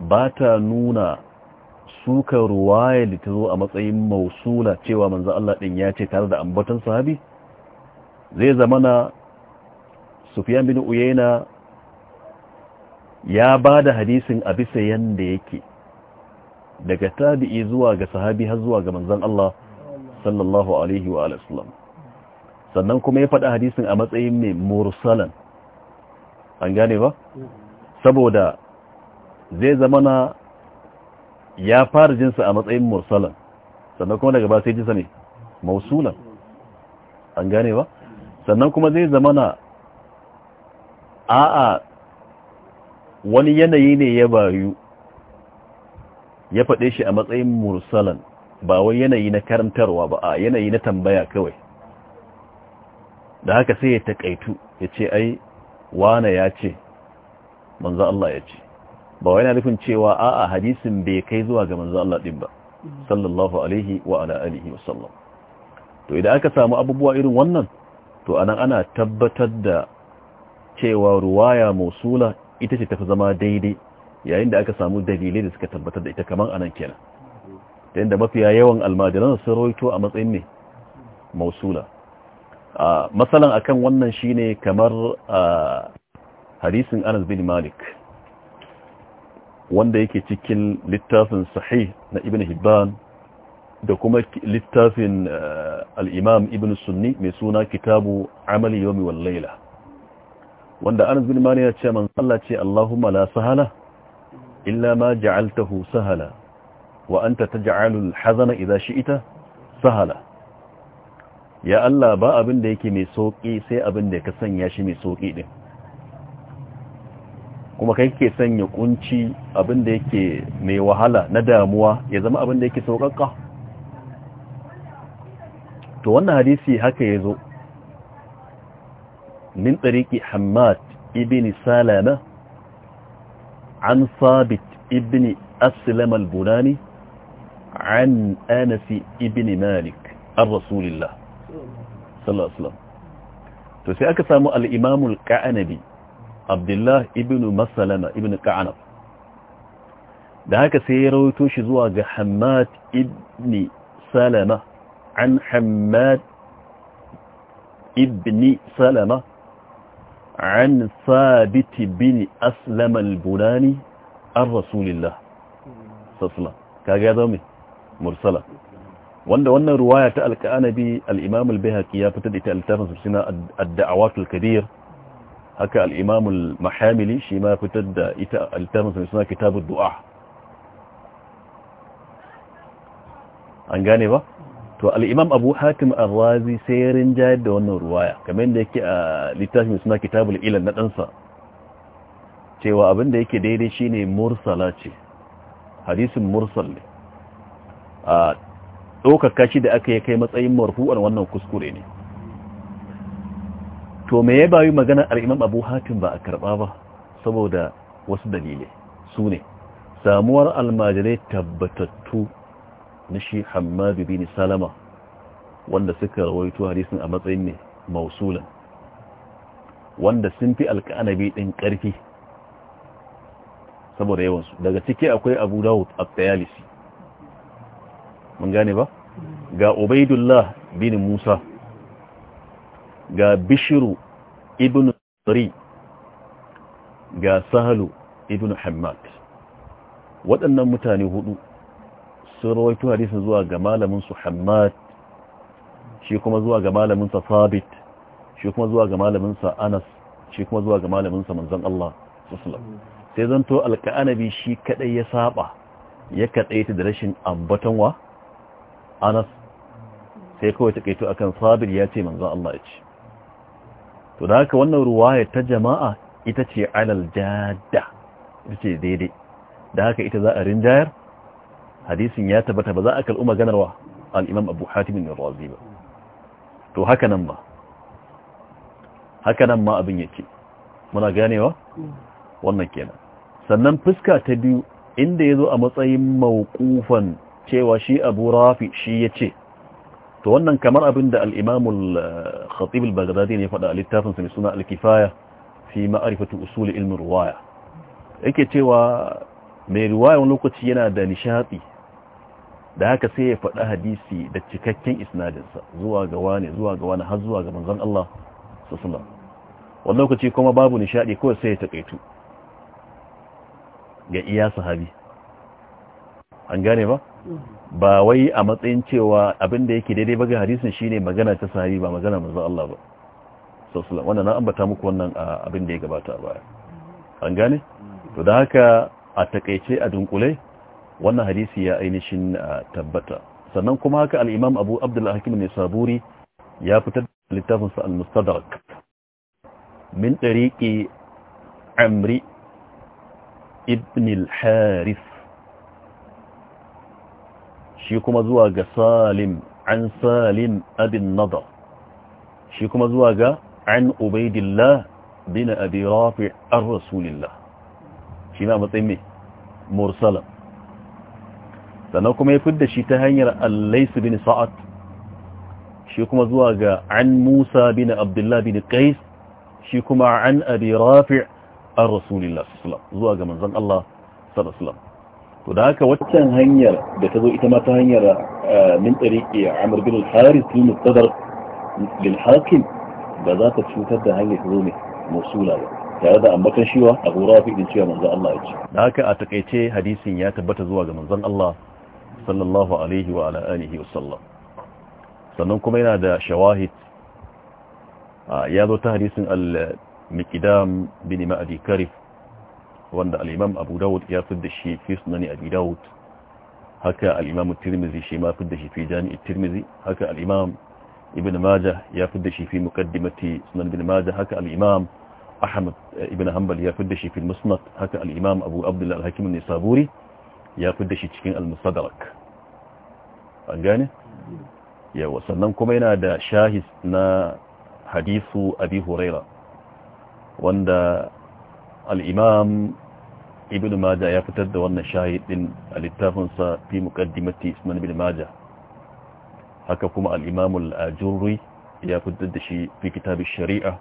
ba ta nuna suka ruwayar da ta zo a matsayin mausula cewa manzan Allah ɗin ya ce tare da ambaton sahabi zai zamana sufiyan bin uyena ya ba da hadisin a bisa yadda yake daga tabi'i zuwa ga sahabi har zuwa ga manzan Allah sallallahu alaihi wa sallam sannan kuma ya faɗa hadisin a matsayin mai mursalan an gane ba saboda zai zamana ya fara jinsa a matsayin mursalan sannan kuma daga ba sai jinsa ne mausulan an gane ba sannan kuma zai zama na a'a wani yanayi ne ya bayu ya faɗe shi a matsayin mursalan ba wai yanayi na karantarwa ba a yanayi na tambaya kawai da haka sai ya taƙaitu ya ce ai wane ya ce manzo Allah ya ce ba wani nufin cewa a'a hadisin bai kai zuwa ga manzo Allah din ba mm-hmm. sallallahu alaihi wa ala wa to idan aka samu abubuwa irin wannan to anan ana tabbatar da cewa ruwaya mausula ita ce tafi zama daidai yayin da aka samu dalilai da suka tabbatar da ita kaman anan kenan ta yadda mafiya yawan almajiran sun roito a matsayin ne mausula a matsalan akan wannan shine kamar a hadisin anas bin malik wanda yake cikin littafin sahih na ibn hibban da kuma littafin eh, al'imam ibn sunni mai suna kitabu amali yomi wallaila wanda an zulmani ya ce man Allah ce Allahumma la sahala illa ma ja'altahu sahala wa anta ja'alul hazana shi ita sahala ya Allah ba abin da yake mai sauƙi sai abin da ka sanya shi mai sauƙi din kuma kai ke sanya kunci abin da yake mai wahala na damuwa ya zama abin da yake sauƙaƙa to wannan hadisi haka ya zo min tsariki hamad ibn salama an sabit ibn aslam al-bunani an anasi ibn malik an rasulillah to sai aka samu al'imamul ka'anabi abdullah ibn masalama ibn ka'anab da haka sai ya rawaito shi zuwa ga hamad ibni salama عن حماد ابن سلمة عن ثابت بن أسلم البناني عن الله صلى كاغازمي مرسلة wanda wannan ruwaya ta alka'anabi al-imam al-bihaqi ya fitar da ita littafin suna ad-da'awat al-kabir haka al-imam al-mahamili shi ma fitar da ita littafin suna kitab ad-du'a an gane ba to al'imam abu hatim arwazi sai ya rinjayar da wannan ruwaya kamar da yake a littafin suna kitabul ilan na ɗansa cewa abin da yake daidai shine mursala ce hadisin mursal ne a ɗaukaka shi da aka yi kai matsayin marfu'ar wannan kuskure ne to me ya bayu magana al'imam abu hatim ba a karɓa ba saboda wasu dalilai su ne samuwar almajirai tabbatattu na shi hammadu bin salama wanda suka rawaito hadisin a matsayin ne mausulan wanda sun fi alƙanabi ɗin ƙarfi saboda yawansu daga ciki akwai abu dawud a mun gane ba ga ubaidullah bin musa ga bishiru ibn tsari ga sahalu ibn hamad waɗannan mutane hudu sun rawaitu hadisin zuwa ga malamin su Hammad shi kuma zuwa ga malamin sa sabit shi kuma zuwa ga malamin sa Anas shi kuma zuwa ga malamin sa manzon Allah sallallahu sai zanto alka'anabi shi kadai ya saba ya kadaita da rashin ambatanwa Anas sai kawai ta kaito akan Sabit ya ce manzon Allah ya ce to da haka wannan ruwaya ta jama'a ita ce alal jadda ita ce daidai da haka ita za a rinjayar hadisin ya tabbata ba za a wa al al'imam abu hatimin razi ba to haka nan ma haka nan ma abin yake muna ganewa wannan kenan sannan fuska ta biyu inda ya zo a matsayin mawukufan cewa shi abu rafi shi ya ce to wannan kamar abin da al'imamul eh, khatib al-baghdadi ne faɗa a littafinsa mai suna al-kifaya fi ma'arifatu usuli ilmin ruwaya yake cewa mai ruwaya wani lokaci yana da nishaɗi da haka sai ya faɗi hadisi da cikakken isnadinsa zuwa ga wani zuwa ga wani har zuwa ga manzon Allah sallallahu wani lokaci kuma babu nishadi ko sai ya takaitu ga iya sahabi an gane ba ba wai a matsayin cewa abin da yake daidai ba ga hadisin shine magana ta sahabi ba magana manzon Allah ba sallallahu wannan na ambata muku wannan abin da ya gabata a baya an gane to da haka a takeice a dunkule wannan hadisi ya ainihin uh, tabbata sannan kuma haka al-imam abu abdul hakim ne saburi ya fitar da littafin sa al-mustadrak min tariqi amri ibn al-harith shi kuma zuwa ga salim an salim abin nadar shi kuma zuwa ga an ubaidillah bin abi rafi ar rasulillah shi ma matsayin ne mursalan sannan kuma ya fidda shi ta hanyar allaisu bin sa'ad shi kuma zuwa ga an musa bin abdullah bin qais shi kuma an abi rafi' an rasulillah zuwa ga manzon Allah sallallahu alaihi to da haka waccan hanyar da ta zo ita ma ta hanyar eh, min tsariki amr bin al-harith bin sadr bil hakim ba za ta cutar da hanyar ta zo ne musula ba tare da ambatan shiwa a gura fi din cewa manzon Allah ya ce da haka a takeice hadisin ya tabbata zuwa ga manzon Allah sallallahu alaihi wa ala alihi wasallam sannan kuma yana da shawahid ya zo ta hadisin al-miqdam bin ma'di karif wanda al-imam abu dawud ya fidda shi fi sunani abi dawud haka al-imam at-tirmidhi shi ma fidda shi fi jami' jami'i tirmidhi haka al-imam ibn majah ya fidda shi fi muqaddimati sunan ibn majah haka al-imam ahmad ibn hanbal ya fidda shi fi al musnad haka al-imam abu abdullah al-hakim an-nisaburi ya fi da shi cikin al-musadarak an gane yawa sannan kuma yana da shahis na hadisu abi huraira wanda alimam ibn Maja ya fitar da wannan shahid a littafinsa fi muqaddimati isman ibn haka kuma al al-ajurri ya fitar da shi fi shari'a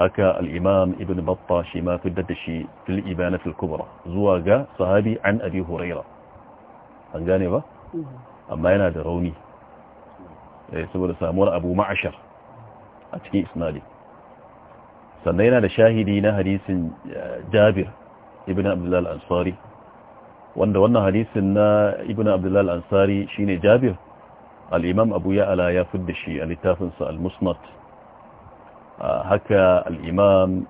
haka al'imam ibn batta shima ma fiddar da shi fil ibana fil kubra zuwa ga sahabi an abi huraira an amma yana da rauni saboda samuwar abu ma'ashar a cikin isnadi sannan yana da shahidi na hadisin jabir ibn abdullal ansari wanda wannan hadisin na ibn abdullal ansari shine jabir al'imam abu ya ya'ala ya da shi a littafinsa al-musnad haka al'imam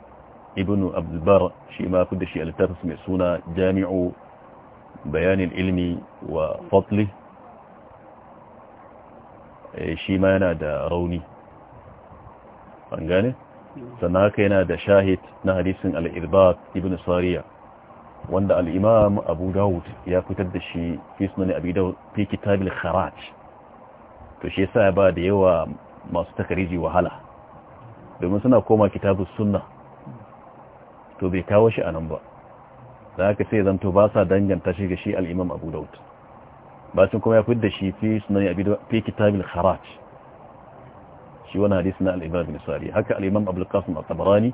ibn abdulbar shi ma kudda shi mai suna jami'u bayanin ilmi wa fadli shi ma yana da rauni an gane? sannan haka yana da shahid na hadisin al'irbat ibn sariya wanda al'imam abu dawud ya fitar da shi fi abu dawud fi kitabil kharaj to shi sa ba da yawa masu takariji wahala domin suna koma kitabus sunna to bai kawo shi anan ba da haka sai zanto ba sa danganta shi ga shi al-imam abu daud bacin kuma ya fi da shi fi sunan abi fi kitabin haraj shi wani hadisi na al-ibad bin sari haka al abu abul qasim at-tabarani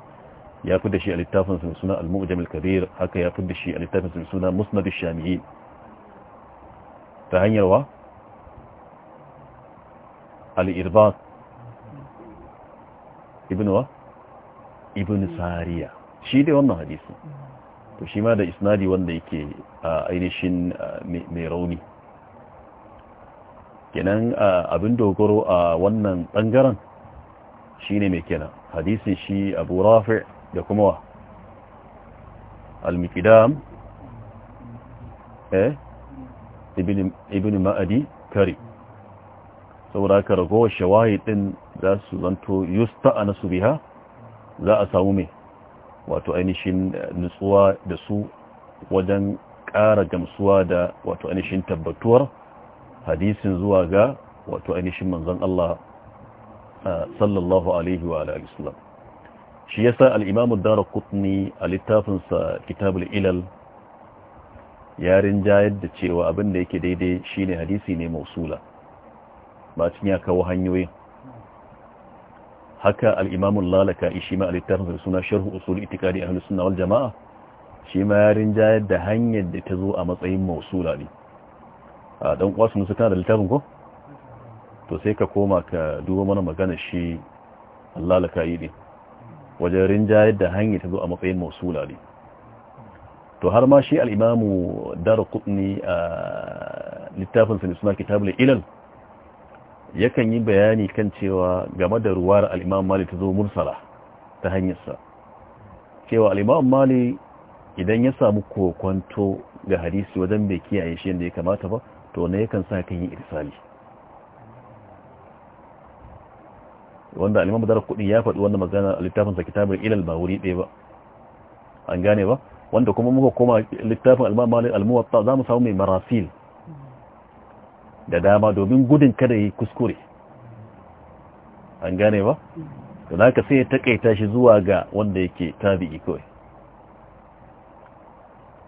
ya fi da shi a littafin sun suna al-mu'jam al-kabir haka ya fi da shi a littafin sun suna musnad ash-shamiyin ta hanyar wa al-irbat ibn wa ibn sariya shi dai wannan hadisi to shi ma da isnadi wanda yake ainihin mai rauni kenan abin dogoro a wannan bangaren shine mai kenan hadisin shi abu rafi da kuma wa al-mikidam eh ibn ma'adi kari saboda ka ragowar shawahi din za su zanto yusta'ana su biha za a samu mai wato ainihin nutsuwa da su wajen ƙara gamsuwa da wato ainihin tabbatuwar hadisin zuwa ga wato ainihin manzon Allah sallallahu alaihi wa alaihi wasallam shi yasa al-Imam ad-Darqutni a littafinsa Kitabul Ilal yarin jayar da cewa abinda da yake daidai shine hadisi ne mausula ba cin ya kawo hanyoyin haka al'imamun lalaka ishi ma alittafin suna sharhu usul itikadi a suna wal jama'a shi ma ya rinja da hanyar da ta zo a matsayin mausula ne a ɗan kwasu nusa tana da littafin ko? to sai ka koma ka duba mana magana shi lalaka yi ne wajen rinja da hanyar ta zo a matsayin mausula ne to har ma shi al'imamu dara kudni a littafinsa ne suna kitabula ilal yakan yi bayani kan cewa game da ruwar al'imam mali ta zo mursala ta hanyarsa cewa al'imam mali idan ya samu kokonto ga hadisi wajen bai kiyaye shi yadda ya kamata ba to ne yakan sa kan yi irisali wanda al'imam badar kudi ya faɗi wanda magana a littafinsa kitabin ilal ba wuri ɗaya ba an gane ba wanda kuma muka koma littafin al'imam mali al za mu samu mai marasil da dama domin gudun kada yi kuskure an gane ba da haka sai ya takaita shi zuwa ga wanda yake tabi'i kawai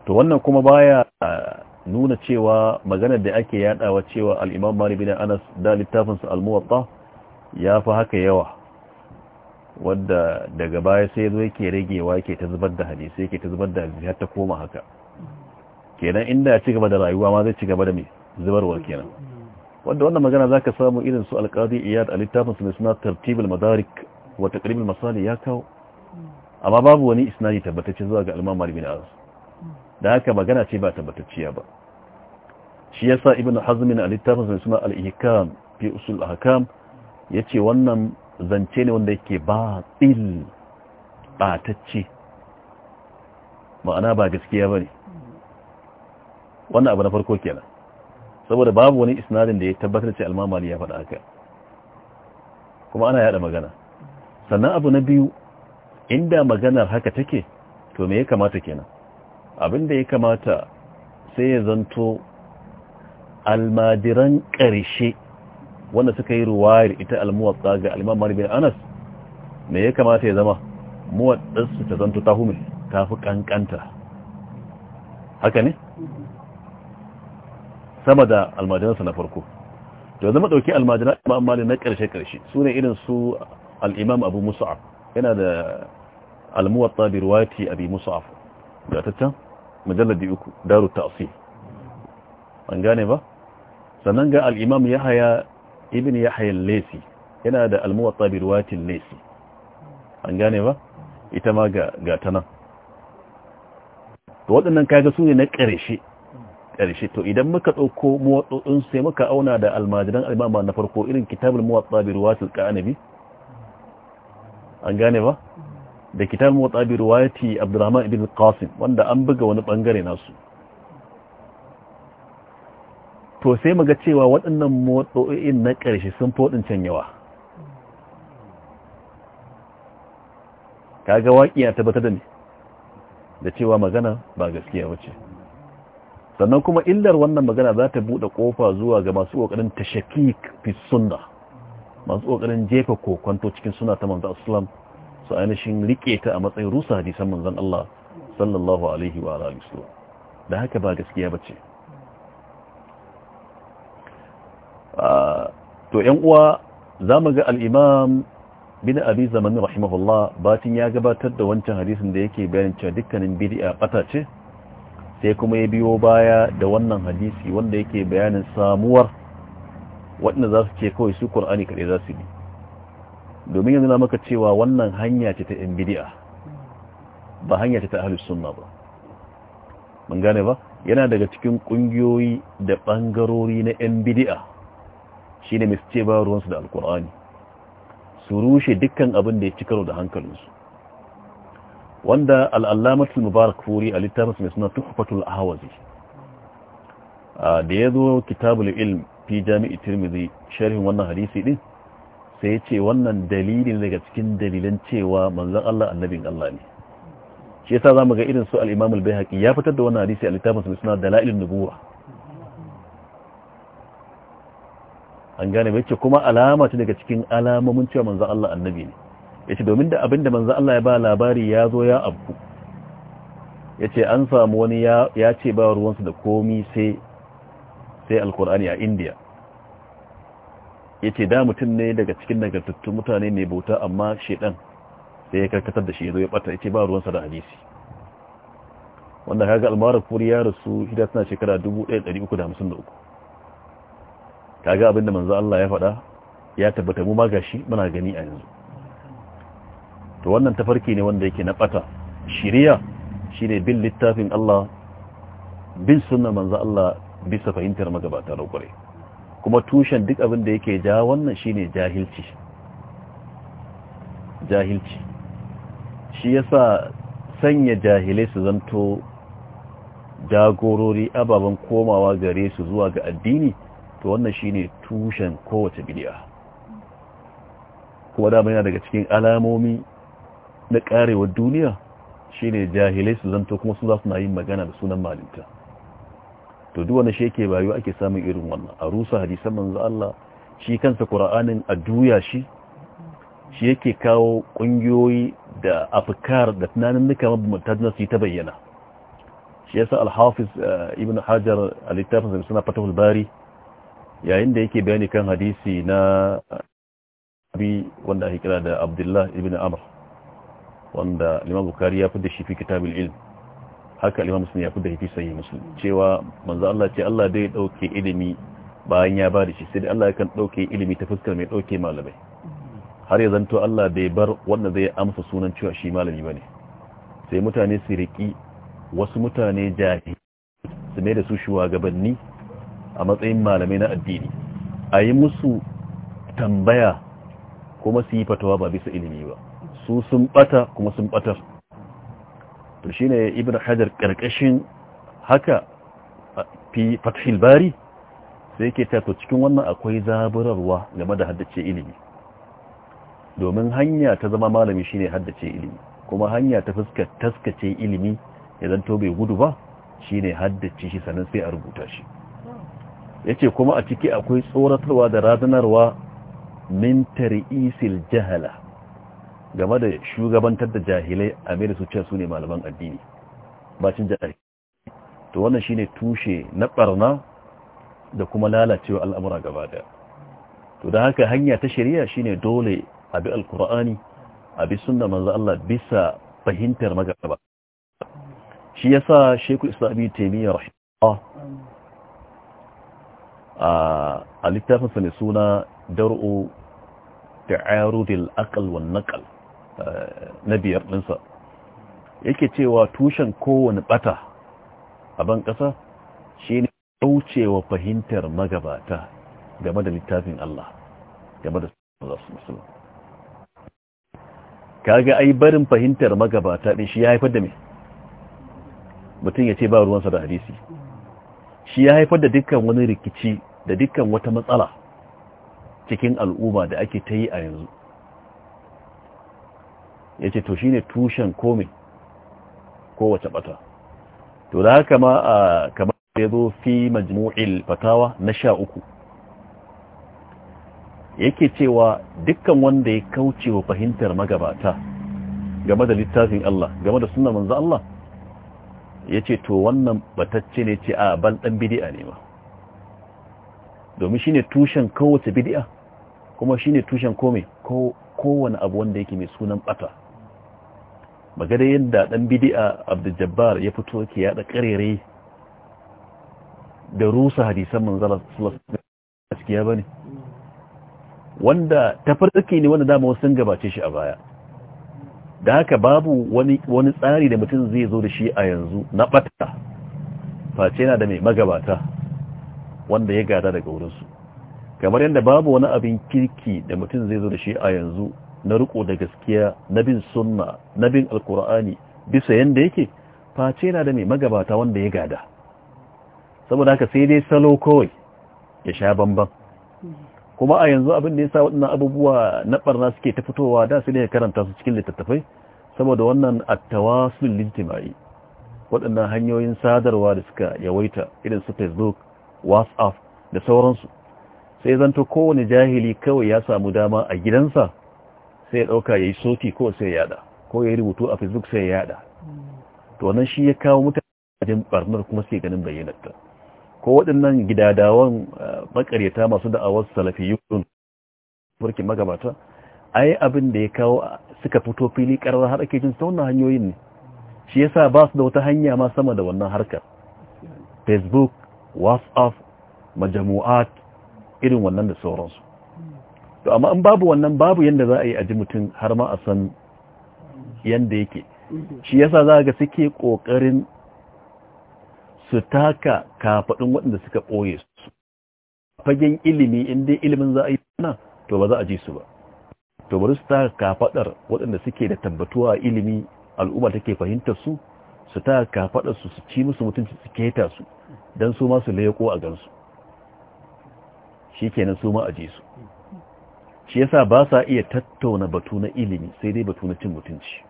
to wannan kuma baya nuna cewa maganar da ake yadawa cewa al-Imam Malik bin Anas da littafin sa al-Muwatta ya fi haka yawa wanda daga baya sai zo yake ragewa yake ta zubar da hadisi yake ta zubar da hadisi har ta koma haka kenan inda ya ci gaba da rayuwa ma zai ci gaba da me zubarwar kenan wanda wannan magana za ka samu irin su alƙadi iyad a littafin su mai suna tartibul madarik wa taqrimul masali ya kawo amma babu wani isnadi tabbatacce zuwa ga al-imam a da haka magana ce ba tabbatacciya ba shi yasa ibn hazmin a littafin sa suna al fi usul al-ahkam yace wannan zance ne wanda yake batil batacce ma'ana ba gaskiya ba ne wannan abu na farko kenan saboda babu wani isnadin da ya tabbatar ce almamali ya faɗa haka kuma ana yada magana sannan abu na biyu inda maganar haka take to me ya kamata kenan abinda ya kamata sai ya zanto almadiran ƙarshe wanda suka yi ruwayar ita almuwatsa ga almamali bin anas me ya kamata ya zama muwatsarsu ta zanto ta hume ta fi ƙanƙanta haka ne sama da almajiransa na farko to zama dauki almajiran imam malik na karshe karshe su ne irin su al-imam abu mus'ab yana da al-muwatta bi riwayati abi mus'ab da tattan majalladi uku daru ta'sil an gane ba sannan ga al-imam yahya ibn yahya al-laysi yana da al-muwatta bi riwayati al-laysi an gane ba ita ma ga ga to waɗannan kaga su ne na karshe ƙarshe to idan muka ɗauko muwaɗoɗin sai muka auna da almajiran al'imama na farko irin kitabin muwaɗa bi ruwatul anabi an gane ba da kitabin muwaɗa bi ti abdurrahman ibn qasim wanda an buga wani bangare nasu to sai muga cewa waɗannan muwaɗoɗin na ƙarshe sun fodin can yawa ga waƙi a tabbatar da ne da cewa magana ba gaskiya wace sannan kuma illar wannan magana za ta buɗe ƙofa zuwa ga masu ƙoƙarin shakik fi suna masu ƙoƙarin jefa kokonto cikin suna ta manzan islam su ainihin riƙe ta a matsayin rusa hadisan manzan Allah sallallahu alaihi wa ala'ihi da haka ba gaskiya ba ce. Ah, to yan uwa mu ga al bin abi zamanin rahimahullah batin ya gabatar da wancan hadisin da yake bayanin cewa dukkanin bid'a bata ce sai kuma ya biyo baya da wannan hadisi wanda yake bayanin samuwar waɗanda za su ce kawai su kur'ani kaɗai za su bi domin yanzu na maka cewa wannan hanya ce ta yan bidiya ba hanya ce ta ahlus sunna ba mun gane ba yana daga cikin ƙungiyoyi da ɓangarori na yan shi shine mai su ce ba ruwansu da alkur'ani su rushe dukkan abin da ya ci karo da hankalinsu wanda al'allamatul mubarak furi a littafin mai suna tuhfatul ahawazi da ya zo kitabul ilm fi jami'i tirmidhi sharhin wannan hadisi din sai ya ce wannan dalilin daga cikin dalilan cewa manzan Allah annabin Allah ne shi yasa zamu ga irin su al-Imam al ya fitar da wannan hadisi a littafin mai suna dalailun nubuwa an gane bai ce kuma alama ce daga cikin alamomin cewa manzan Allah annabi ne yace domin da abinda manzo Allah ya ba labari ya zo ya abu yace an samu wani ya ce ba ruwansu da komi sai alkur'ani a indiya yace da mutum ne daga cikin nagartattun mutane mai bauta amma shedan sai ya karkatar da shi ya zo ya bata yace ba ruwansa da hadisi wanda kaga almarar kuri ya rasu hida tana shekara 1353 kaga abinda manzo Allah ya faɗa ya tabbata mu ma gashi muna gani a yanzu to wannan tafarki ne wanda yake na bata shiriya shine bin littafin Allah bin suna manza Allah bisa fahimtar magabata na kuma tushen duk abin da yake ja wannan shine jahilci jahilci shi yasa sanya jahilai su zanto jagorori ababen komawa gare su zuwa ga addini to wannan shine tushen kowace biliya kuma damar yana daga cikin alamomi na karewar duniya shine jahilai su zanto kuma su za su na yin magana da sunan malinta to duk wani sheke bayu ake samun irin wannan a rusa hadisan manzo Allah shi kansa qur'anin a duya shi shi yake kawo kungiyoyi da afkar da tunanin nuka mabbantan su ta bayyana shi yasa al-hafiz eh, ibn hajar al-littafin zai suna fatahul bari yayin da yake bayani kan hadisi na abi wanda ake kira da abdullah ibn amr wanda limam bukari ya fidda shi fi kitabul ilm haka limam muslim ya fidda shi fi sahih muslim cewa manzo Allah ce Allah dai dauke ilimi bayan ya bada shi sai Allah yakan dauke ilimi ta fuskar mai dauke malamai har ya zanto Allah bai bar wanda zai amsa sunan cewa shi malami ba ne sai mutane su riki wasu mutane jahi su mai da su shugabanni a matsayin malamai na addini a yi musu tambaya kuma su yi fatawa ba bisa ilimi ba su sun bata kuma sun batar to shine ibn hajar karkashin haka fi fathil bari sai yake ta to cikin wannan akwai zaburarwa game da haddace ilimi domin hanya ta zama malami shine haddace ilimi kuma hanya ta fuska taskace ilimi idan to bai gudu ba shine haddace shi sannan sai a rubuta shi yace kuma a ciki akwai tsoratarwa da razanarwa min tar'isil jahala game da shugabantar da jahilai a mere sune su ce su ne malaman addini bacin jahilai to wannan shine tushe na barna da kuma lalacewa al'amura gaba daya to da haka hanya ta shari'a shine dole a bi alkur'ani a bi sunna manzo Allah bisa fahimtar magaba shi yasa sheku Islami Taymiyyah rahimahullah a littafin sa ne suna dar'u ta'arudil aql wan naql na biyar ɗinsa yake cewa tushen kowane ɓata a ban ƙasa shi ne ɗaucewa fahimtar magabata game da littafin Allah game da Rasulullah kaga ai barin fahimtar magabata ɗin shi ya haifar da me mutum ya ce ba ruwansa da hadisi shi ya haifar da dukkan wani rikici da dukkan wata matsala cikin al'umma da ake ta yi a yanzu ya to shi ne tushen kome kowace bata to da haka ma a kamar ya zo fi majmu'il fatawa na sha uku yake cewa dukkan wanda ya kauce wa fahimtar magabata game da littafin Allah game da sunan manzo Allah ya ce to wannan batacce ne ce a bal dan bid'a ne ba domin shine tushen kowace bidi'a kuma shine tushen komai ko kowane abu wanda yake mai sunan bata magana yadda ɗan bidi'a abdujabbar ya fito ke yaɗa ƙarere da rusa hadisan manzala gaskiya ba ne wanda tafarki ne wanda dama wasu gabace shi a baya da haka babu wani tsari da mutum zai zo da shi a yanzu na ɓata face yana da mai magabata wanda ya gada daga wurinsu kamar yadda babu wani abin kirki da mutum zai zo da shi a yanzu na riko da gaskiya na bin sunna na bin alkur'ani bisa yanda yake face yana da mai magabata wanda ya gada saboda haka sai dai salo kawai ya sha bamban kuma a yanzu abin da ya sa waɗannan abubuwa na ɓarna suke ta fitowa da su ne karanta su cikin littattafai saboda wannan attawasul lijtima'i waɗannan hanyoyin sadarwa da suka yawaita irin su facebook whatsapp da sauransu sai zanto kowane jahili kawai ya samu dama a gidansa sai ya ɗauka ya yi soti ko sai yada ko ya rubutu a facebook sai ya yada to wannan shi ya kawo mutane barnar kuma sai ganin bayyanarta ko waɗannan gidadawan eh, makaryata masu da'awar salafiyun burkin magabata ai abin da ya kawo suka fito fili karar har ake jin saunan hanyoyin ne shi yasa ba su da wata hanya ma sama da wannan harkar facebook whatsapp majamu'at irin wannan da sauransu to amma an babu wannan babu yanda za a yi aji mutum har ma a san yanda yake shi yasa za ga suke kokarin su taka kafadin waɗanda suka ɓoye su fagen ilimi inda ilimin za a yi na to ba za a ji su ba to bari su taka kafaɗar waɗanda suke da tabbatuwa ilimi al'umma take fahimtar su su taka kafadar su su ci musu mutunci su keta su dan su ma su laiko a gansu shi kenan su ma a ji su shi yasa ba sa iya tattauna batu na ilimi sai dai batu na cin mutunci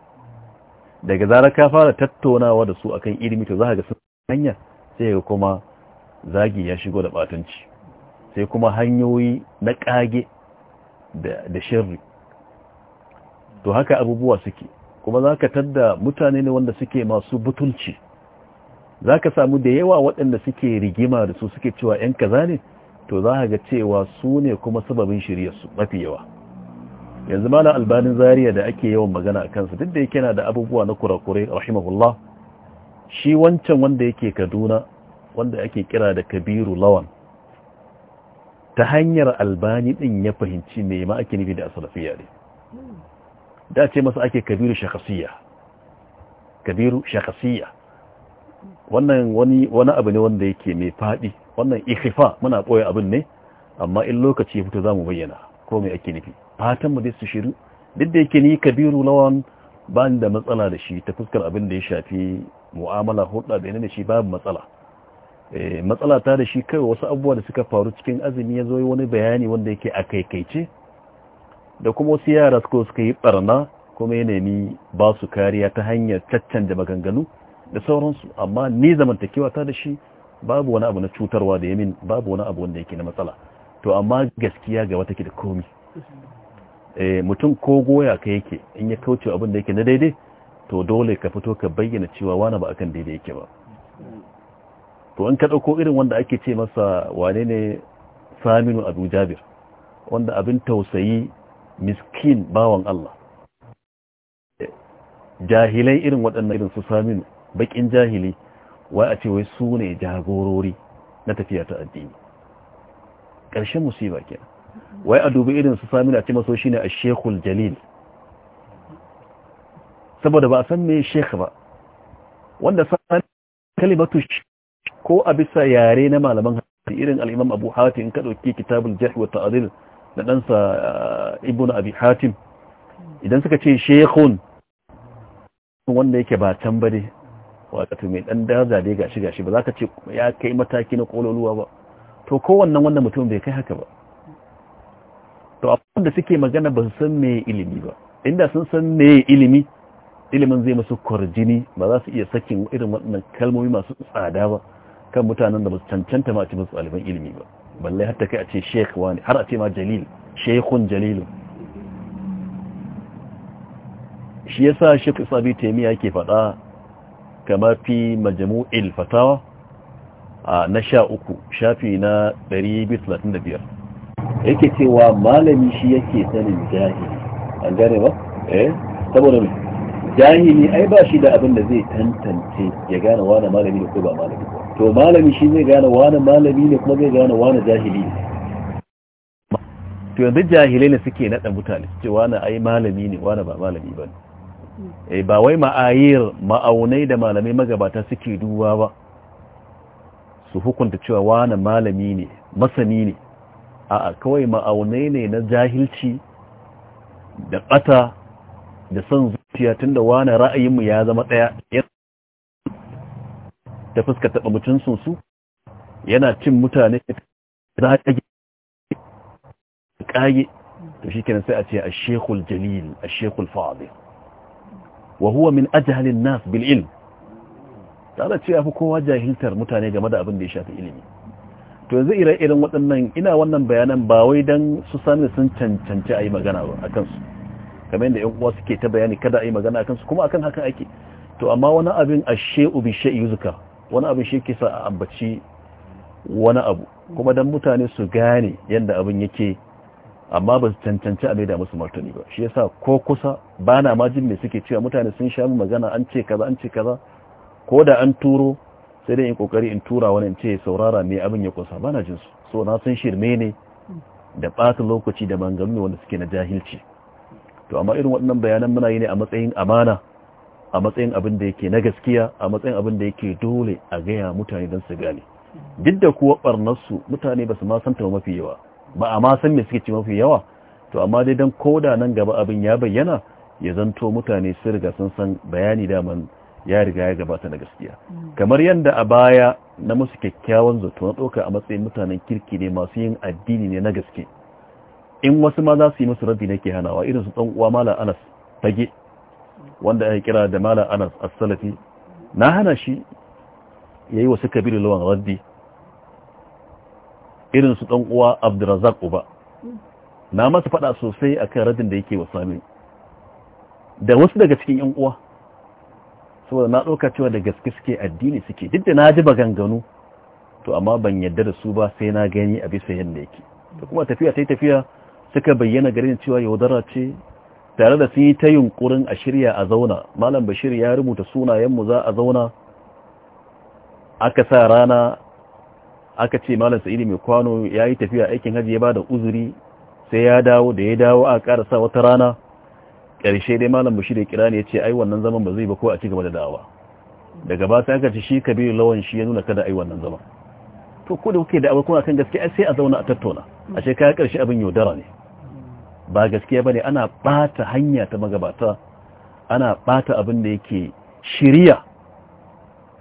daga zarar ka fara tattaunawa da su akan ilimi to zaka ga sun hanya sai ga kuma zagi ya shigo da batunci sai kuma hanyoyi na kage da shirri to haka abubuwa suke kuma zaka ka tadda mutane ne wanda suke masu butulci zaka samu da yawa waɗanda suke rigima da su suke cewa ‘yan kaza ne to za ga cewa su ne kuma sababin shiryarsu mafi yawa yanzu malam albanin zariya da ake yawan magana a kansa duk da yake na da abubuwa na kurakure rahimahullah shi wancan wanda yake kaduna wanda ake kira da kabiru lawan ta hanyar albani din ya fahimci me ma ake nufi da asalafiya ne da ce masa ake kabiru kabiru Shakasiya? wannan wani wani abu ne wanda yake mai fadi wannan ikhifa muna boye abin ne amma in lokaci ya fito zamu bayyana ko me ake nufi fatan mu dai su shiru duk da yake ni kabiru lawan ban da matsala da shi ta fuskar abin da ya shafi mu'amala hulɗa da da shi babu matsala eh, matsala ta da shi kai wasu abubuwa da suka faru cikin azumi ya zo wani bayani wanda yake a kaikaice da kuma wasu yara suka suka yi barna kuma ya nemi ba su kariya ta hanyar caccanja maganganu da sauransu amma ni zamantakewa ta da shi babu wani abu na cutarwa da yamin babu wani abu wanda yake na matsala to amma gaskiya ga wata ke da komi eh, mutum ko goya ka yake in ya kauce abin da yake na daidai to dole ka fito ka bayyana cewa wani ba akan daidai yake ba to an ka ɗauko irin wanda ake ce masa wane ne saminu abu jabir wanda abin tausayi miskin bawan Allah eh, jahilai irin waɗannan irin su saminu bakin jahili wai a ce wai su ne jagorori na tafiya ta addini ƙarshen musiba kenan wai a dubi irin su sami na ce maso ne a shekul jalil saboda ba a san me shekha ba wanda sami kalimatu ko a bisa yare na malaman hati irin al'imam abu hatim ka ɗauki kitabul jahi wa ta'adil na ɗansa eh, ibn abi hatim idan suka ce shekhun wanda yake ba can bane wato mai dan daraja dai gashi gashi ba za ka ce ya kai mataki na kololuwa ba to kowannan wannan mutum bai kai haka ba to abin da suke magana ba su san me ilimi ba inda sun san me ilimi ilimin zai masu kwarjini ba za su iya sakin irin waɗannan kalmomi masu tsada ba kan mutanen da ba su cancanta ma a ce ɗaliban ilimi ba balle har ta kai a ce sheikh wani har a ce ma jalil sheikhun jalilu shi yasa shekh isabi taimiya yake faɗa كما في مجموع fatawa na sha uku shafi na 235 yake cewa malami shi yake sanin jahili an gane ba? eh saboda mai jahili ai ba shi da abin da zai tantance ya gane wane malami ne ko ba malami to malami shi zai gane wane malami ne kuma zai gane wane jahili ne to yanzu jahilai ne suke naɗa mutane cewa na ai malami ne wane ba malami ba ne Eh, ba wai ma'ayir ma'aunai da malamai magabata suke duba ba su hukunta cewa wani malami ne masani ne a kawai ma'aunai ne na jahilci da ƙata da son zuciya tun da wani ra'ayinmu ya zama ɗaya ta fuska taɓa mutum su yana cin mutane za a ƙage to shi kenan sai a ce a shekul jalil a shekul fa'adil wa huwa min ajhalin nas bil ilm tare ce yafi kowa jahiltar mutane game da abin da ya shafi ilimi to yanzu ire irin waɗannan ina wannan bayanan ba wai dan su sani sun cancanci ayi magana ba akan su kamar yadda yan uwa suke ta bayani kada ayi magana akan su kuma akan haka ake to amma wani abin ashe'u bi shay'i yuzka wani abin shi yake sa a ambaci wani abu kuma dan mutane su gane yadda abin yake amma ba su cancanci a maida musu martani ba shi yasa ko kusa ba na majin mai suke cewa mutane sun sha magana an ce kaza an ce kaza ko da an turo sai dai in kokari in tura wani in ce saurara me abin ya kusa ba na jin su so na sun shirme ne da ɓata lokaci da manganu wanda suke na jahilci to amma irin waɗannan bayanan muna yi ne a matsayin amana a matsayin abin da yake na gaskiya a matsayin abin da yake dole a gaya mutane don su gane duk da kuwa ɓarnarsu mutane ba su ma san mafi yawa ba a ma san me suke ci mafi yawa to amma dai dan koda nan gaba abin ya bayyana ya zanto mutane sun riga sun san bayani daman ya riga ya gabata na gaskiya hmm. kamar yadda a baya na musu kyakkyawan zato na ɗauka a matsayin mutanen kirki ne masu yin addini ne na gaske in wasu ma za su yi musu rabi na ke hanawa irin su uwa malam anas tage wanda ya kira da malam anas asalafi na hana shi ya yi wasu kabiru lawan raddi irin su ɗan uwa abdurazak uba na masa faɗa sosai a kan radin da yake wa sami da wasu daga cikin yan uwa saboda na ɗauka cewa da gaske suke addini suke duk da na ji maganganu to amma ban yadda da su ba sai na gani a bisa yadda yake da kuma tafiya ta tafiya suka bayyana garin cewa yaudara ce tare da sun yi ta yunkurin a shirya a zauna malam bashir ya rubuta sunayenmu za a zauna aka sa rana aka ce malam sa'idi mai kwano ya yi tafiya aikin hajji ya ba da uzuri sai ya dawo da ya dawo a karasa wata rana ƙarshe dai malam bashi da kira ya ce ai wannan zaman ba zai ba ko a ci gaba da dawa daga ba sai aka ce shi kabiru lawan shi ya nuna kada ai wannan zaman to ko da kuke da abu kuna kan gaskiya sai a zauna a tattauna a ce kaya ƙarshe abin yaudara ne ba gaskiya ne ana bata hanya ta magabata ana bata abin da yake shiriya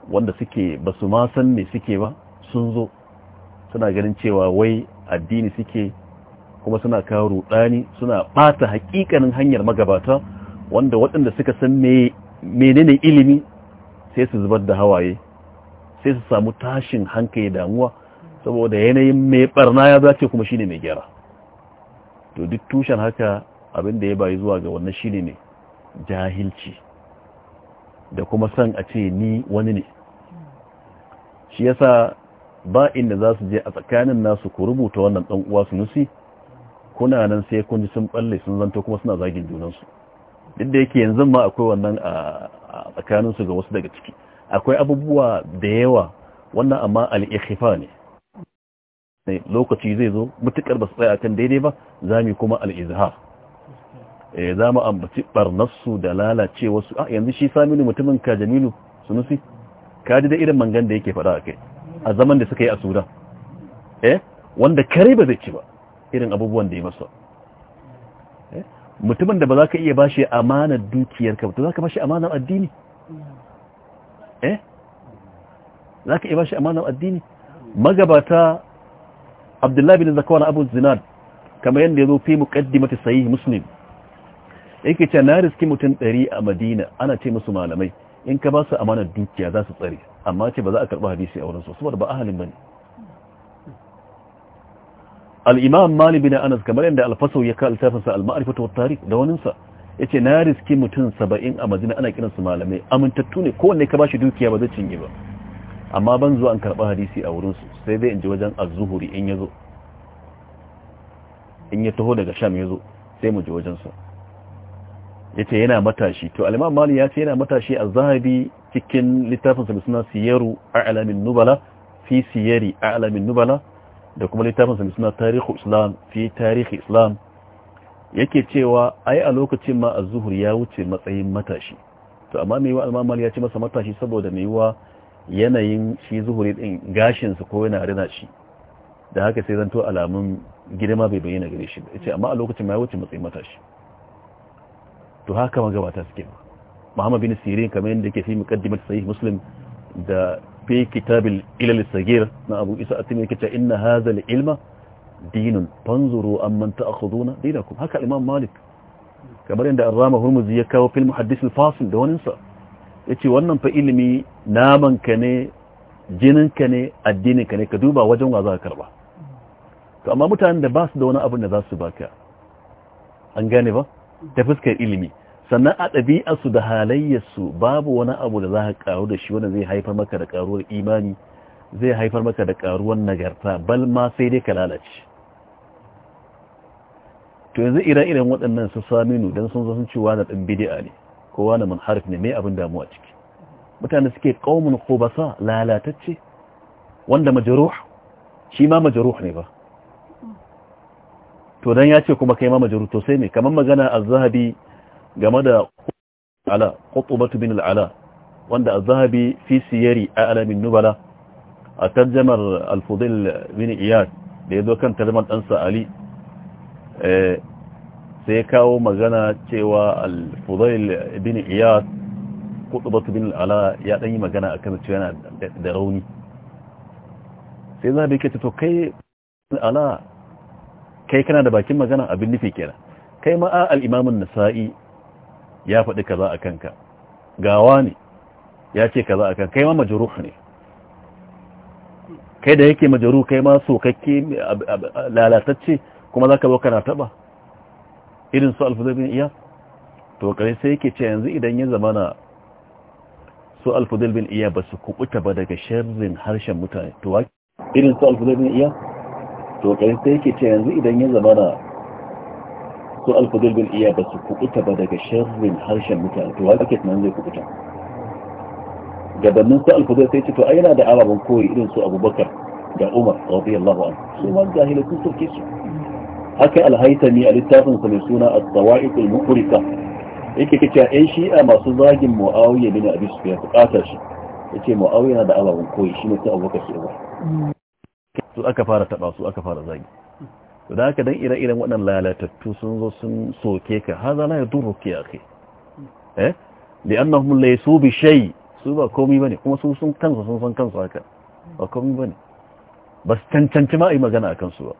wanda suke basu ma san me suke ba sun zo suna ganin cewa wai addini suke kuma suna kawo rudani suna bata hakikanin hanyar magabata wanda waɗanda suka san menene ilimi sai su zubar da hawaye sai su samu tashin hankali damuwa saboda yanayin mai barna ya zace kuma shine mai gyara to duk tushen haka abin da ya bayi zuwa ga wannan shine ne jahilci da kuma san a ce ni wani ne shi yasa ba inda za su je a tsakanin nasu ku rubuta wannan ɗan uwa su nusi kuna nan sai kun ji sun balle sun zanto kuma suna zagin junansu duk da yake yanzu ma akwai wannan a tsakaninsu ga wasu daga ciki akwai abubuwa da yawa wannan amma al'ikifa ne lokaci zai zo mutukar ba su tsaya kan daidai ba za mu kuma al'izhar eh, za mu ambaci nasu da lalace wasu ah, yanzu shi saminu mutumin ka jamilu sunusi ka ji da irin mangan da yake faɗa a kai a zaman da suka yi a sudan eh wanda kare ba zai ci ba irin abubuwan da ya masa eh? mutumin da ba za ka iya ba shi amanar dukiyarka ba za ka ba shi amanar addini eh za ka iya ba shi amanar addini magabata abdullahi bin zakawa abu zinad kamar yadda ya zo fi muqaddimati sahih muslim yake ce na riski mutum dari a madina ana ce musu malamai in ka ba su amanar dukiya za su tsare amma ce ba za a karɓi hadisi a wurinsu saboda ba ahalin ba ne al'imam mali bin anas kamar yadda alfasau ya kawo littafinsa al-ma'arifatu wa tarik da waninsa ya ce na riski mutum saba'in a mazina ana kiransu malamai amintattu ne kowanne ka ba shi dukiya ba zai cinye ba amma ban zuwa an karɓi hadisi a wurinsu sai zai in ji wajen azuhuri in ya zo in ya taho daga sham ya zo sai mu ji wajensa yace yana matashi to al-imam mali ya ce yana matashi az-zahabi cikin littafin sa suna siyaru a'lamin nubala fi siyari a'lamin nubala da kuma littafin sa suna tarihu islam fi tarihi islam yake cewa ai a lokacin ma az-zuhur ya wuce matsayin matashi to amma me wa al-imam mali ya ce masa matashi saboda me wa yanayin shi zuhuri din gashin sa ko yana rina shi da haka sai zanto alamun girma bai bayyana gare shi ba yace amma a lokacin ma ya wuce matsayin matashi to haka magabata suke ba muhammadu bin sirin kamar yadda ke fi muqaddimat sahih muslim da fi kitabil ilal sagir na abu isa a timi cewa inna hadha ilma dinun fanzuru amman ta'khuduna dinakum haka imam malik kamar yadda arrama hurmuzi ya kawo fil muhaddis al fasil da waninsa yace wannan fa ilimi naman ka ne jinin ka ne addinin ka ne ka duba wajen wa za ka karba to amma mutanen da ba su da wani abin da za su baka an gane ba ta fuskar ilimi sannan a ɗabi'arsu da halayyarsu babu wani abu da za ka karu da shi wanda zai haifar maka da ƙaruwar imani zai haifar maka da ƙaruwar nagarta bal ma sai dai ka lalace to yanzu ira irin waɗannan su saminu don sun zafin cewa na ɗan bidi'a ne kowa na munharif ne mai abin damuwa ciki mutane suke ƙaumin kobasa lalatacce wanda majaruh shi ma majaruh ne ba to don ya ce kuma kai ma majaruh to sai ne kamar magana a zahabi game da ala qutubatu bin al-ala wanda az-zahabi fi siyari ala min nubala a tarjamar al-fudil bin iyad da yazo kan tarjamar dan sa ali eh, sai kawo magana cewa al-fudil bin iyad qutubatu bin al-ala ya dan yi magana akan cewa yana da rauni sai zahabi ke to kai ala kai kana da bakin magana abin nufi kenan kai ma al-imam an-nasa'i ya faɗi kaza a kanka gawa ne ya ce kaza a kanka kai ma majaruh ne kai da yake majaruh kai ma sokakke lalatacce kuma za ka zo kana taɓa irin su alfuzabin iya to kare sai yake ce yanzu idan ya zamana su alfuzal bin iya ba su kubuta ba daga sharrin harshen mutane to irin su alfuzal bin iya to kare sai yake ce yanzu idan ya zamana su alfadar bin iya ba su kubuta ba daga sharrin harshen mutane to wanda ke tunanin zai kubuta gabanin su alfadar sai ce to ai yana da ababen koyi irin su abubakar da umar radiyallahu an. su ma jahilai sun soke su haka alhaitami a littafin sa mai suna a at-tawa'iqul muqrika yake kace ai shi'a masu zagin muawiya bin abi sufyan bukatar shi yace muawiya yana da ababen koyi shine su abubakar su umar su aka fara taba su aka fara zagi da haka dan ire-iren waɗannan lalatattu sun zo sun soke ka duru ke a ke. eh nan annahum su bi shai su ba komi ba ne kuma su sun kansu sun san kansu haka ba ba ne ba su cancanci ma yi magana a kansu ba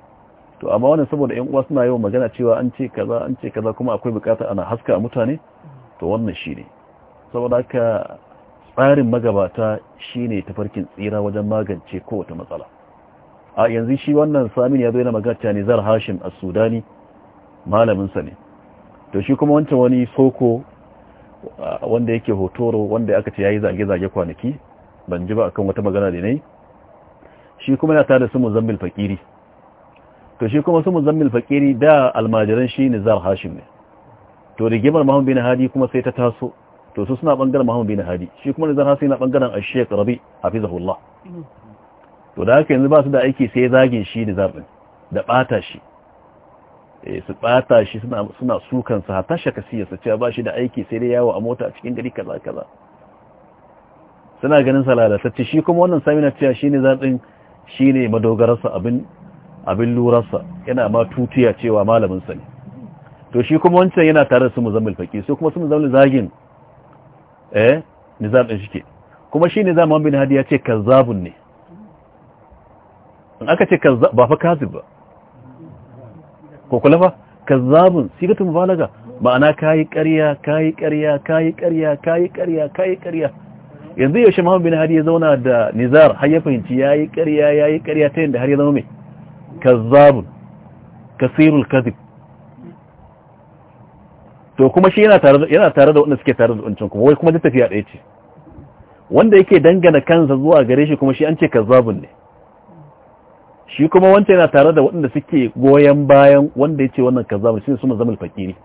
to amma wani saboda yan uwa suna yawan magana cewa an ce kaza an ce kaza kuma akwai bukata ana haska a mutane to wannan shi ne saboda haka tsarin magabata shi ne tafarkin tsira wajen magance kowace matsala a yanzu shi wannan samin ya zo yana magata ne zar hashim a sudani malaminsa ne to shi kuma wancan wani soko wanda yake hotoro wanda aka ce ya yi zage-zage kwanaki ban ji ba a kan wata magana da ne shi kuma na tare su muzammil fakiri to shi kuma su muzammil fakiri da almajiran shi ne zar hashim ne to rigimar mahmud bin hadi kuma sai ta taso to su suna bangaren mahmud bin hadi shi kuma ne zar hashim na bangaren ash-shaykh rabi hafizahullah mm. to da haka yanzu ba su da aiki sai zagin shi da zaɓin da ɓata shi eh, su ɓata shi suna sukansa hata su cewa ba shi da aiki sai dai yawo a mota a cikin gari kaza kaza suna ganin salalatacce shi kuma wannan samina cewa shi ne zaɓin shi ne madogararsa abin lurarsa yana ma tutuya cewa malaminsa ne to shi kuma wancan yana tare da su muzammil faƙi sai kuma su muzammil zagin eh nizam ɗin shi ke kuma shi nizam bin hadi ya ce kazzabun ne in aka ce ba fa kazib ba ko kula fa kazzabun sigatu mubalaga ma'ana kayi ƙarya kayi ƙarya kayi ƙarya kayi ƙarya kayi ƙarya yanzu yaushe Muhammad bin Hadi ya zauna da Nizar har ya fahimci yayi ƙarya yayi ƙarya ta yanda har ya zama mai kazzabun kasirul kazib to kuma shi yana tare yana tare da wanda suke tare da wancan kuma wai kuma da tafiya ɗaya ce wanda yake dangana kansa zuwa gare shi kuma shi an ce kazzabun ne shi kuma wancan yana tare da waɗanda suke goyon bayan wanda ya ce wannan kaza mu shi su muzammil fakiri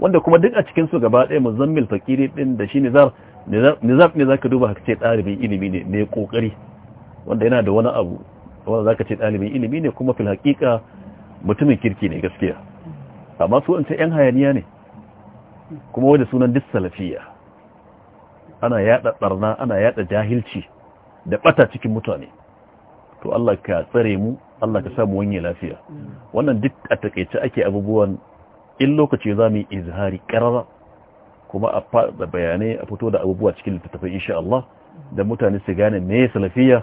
wanda kuma duk a cikin su gaba ɗaya muzammil fakiri ɗin da shi nizar nizar ne zaka duba ka ce ɗalibin ilimi ne mai kokari wanda yana da wani abu wanda zaka ce ɗalibin ilimi ne kuma fil haƙiƙa mutumin kirki ne gaskiya amma su wancan yan hayaniya ne kuma wanda sunan duk salafiya ana yada ɓarna ana yada jahilci da ɓata cikin mutane to Allah ka tsare mu Allah ka samu wanye lafiya wannan duk a takaice ake abubuwan in lokaci za mu yi izhari karara kuma a faɗa bayanai a fito da abubuwa cikin littattafai insha Allah da mutane su gane me salafiya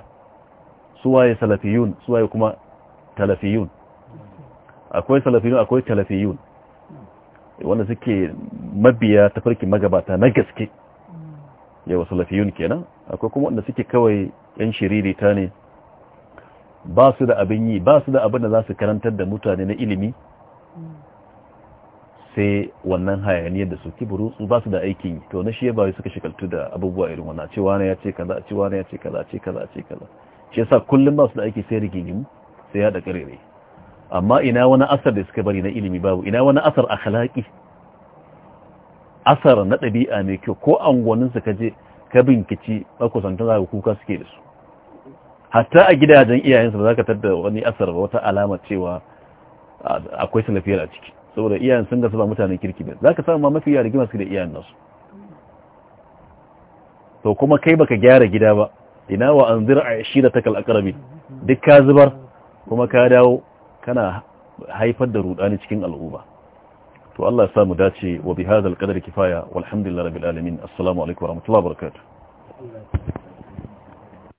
waye salafiyun Su waye kuma talafiyun akwai salafiyun akwai talafiyun wanda suke mabiya tafarki magabata na gaske yawa salafiyun kenan akwai kuma wanda suke kawai yan shiririta ne ba su da abin yi ba su da abin da za su karantar da mutane na ilimi sai wannan hayaniyar da su kiburu su ba su da aikin yi to na shi bayu suka shekaltu da abubuwa irin wannan cewa na ya ce kaza cewa na ya ce kaza ce kaza ce kaza shi yasa kullum ba su da aiki sai rigingimu sai ya da karere amma ina wani asar da suka bari na ilimi babu ina wani asar akhlaqi asar na ɗabi'a mai kyau ko angonin su kaje ka binkici makusantan za kuka suke da su hatta a gidajen iyayensa ba za ka tadda wani asar ba wata alama cewa akwai salafiyar a ciki saboda iyayen sun gasa ba mutanen kirki ne za ka samu ma mafi yara rigima su da iyayen nasu to kuma kai baka gyara gida ba ina wa an zira a shi da takal akarabi duk ka zubar kuma ka dawo kana haifar da rudani cikin al'umma to Allah ya sa mu dace wa bi hadha kifaya walhamdulillahi rabbil alamin assalamu alaikum wa rahmatullahi wa barakatuh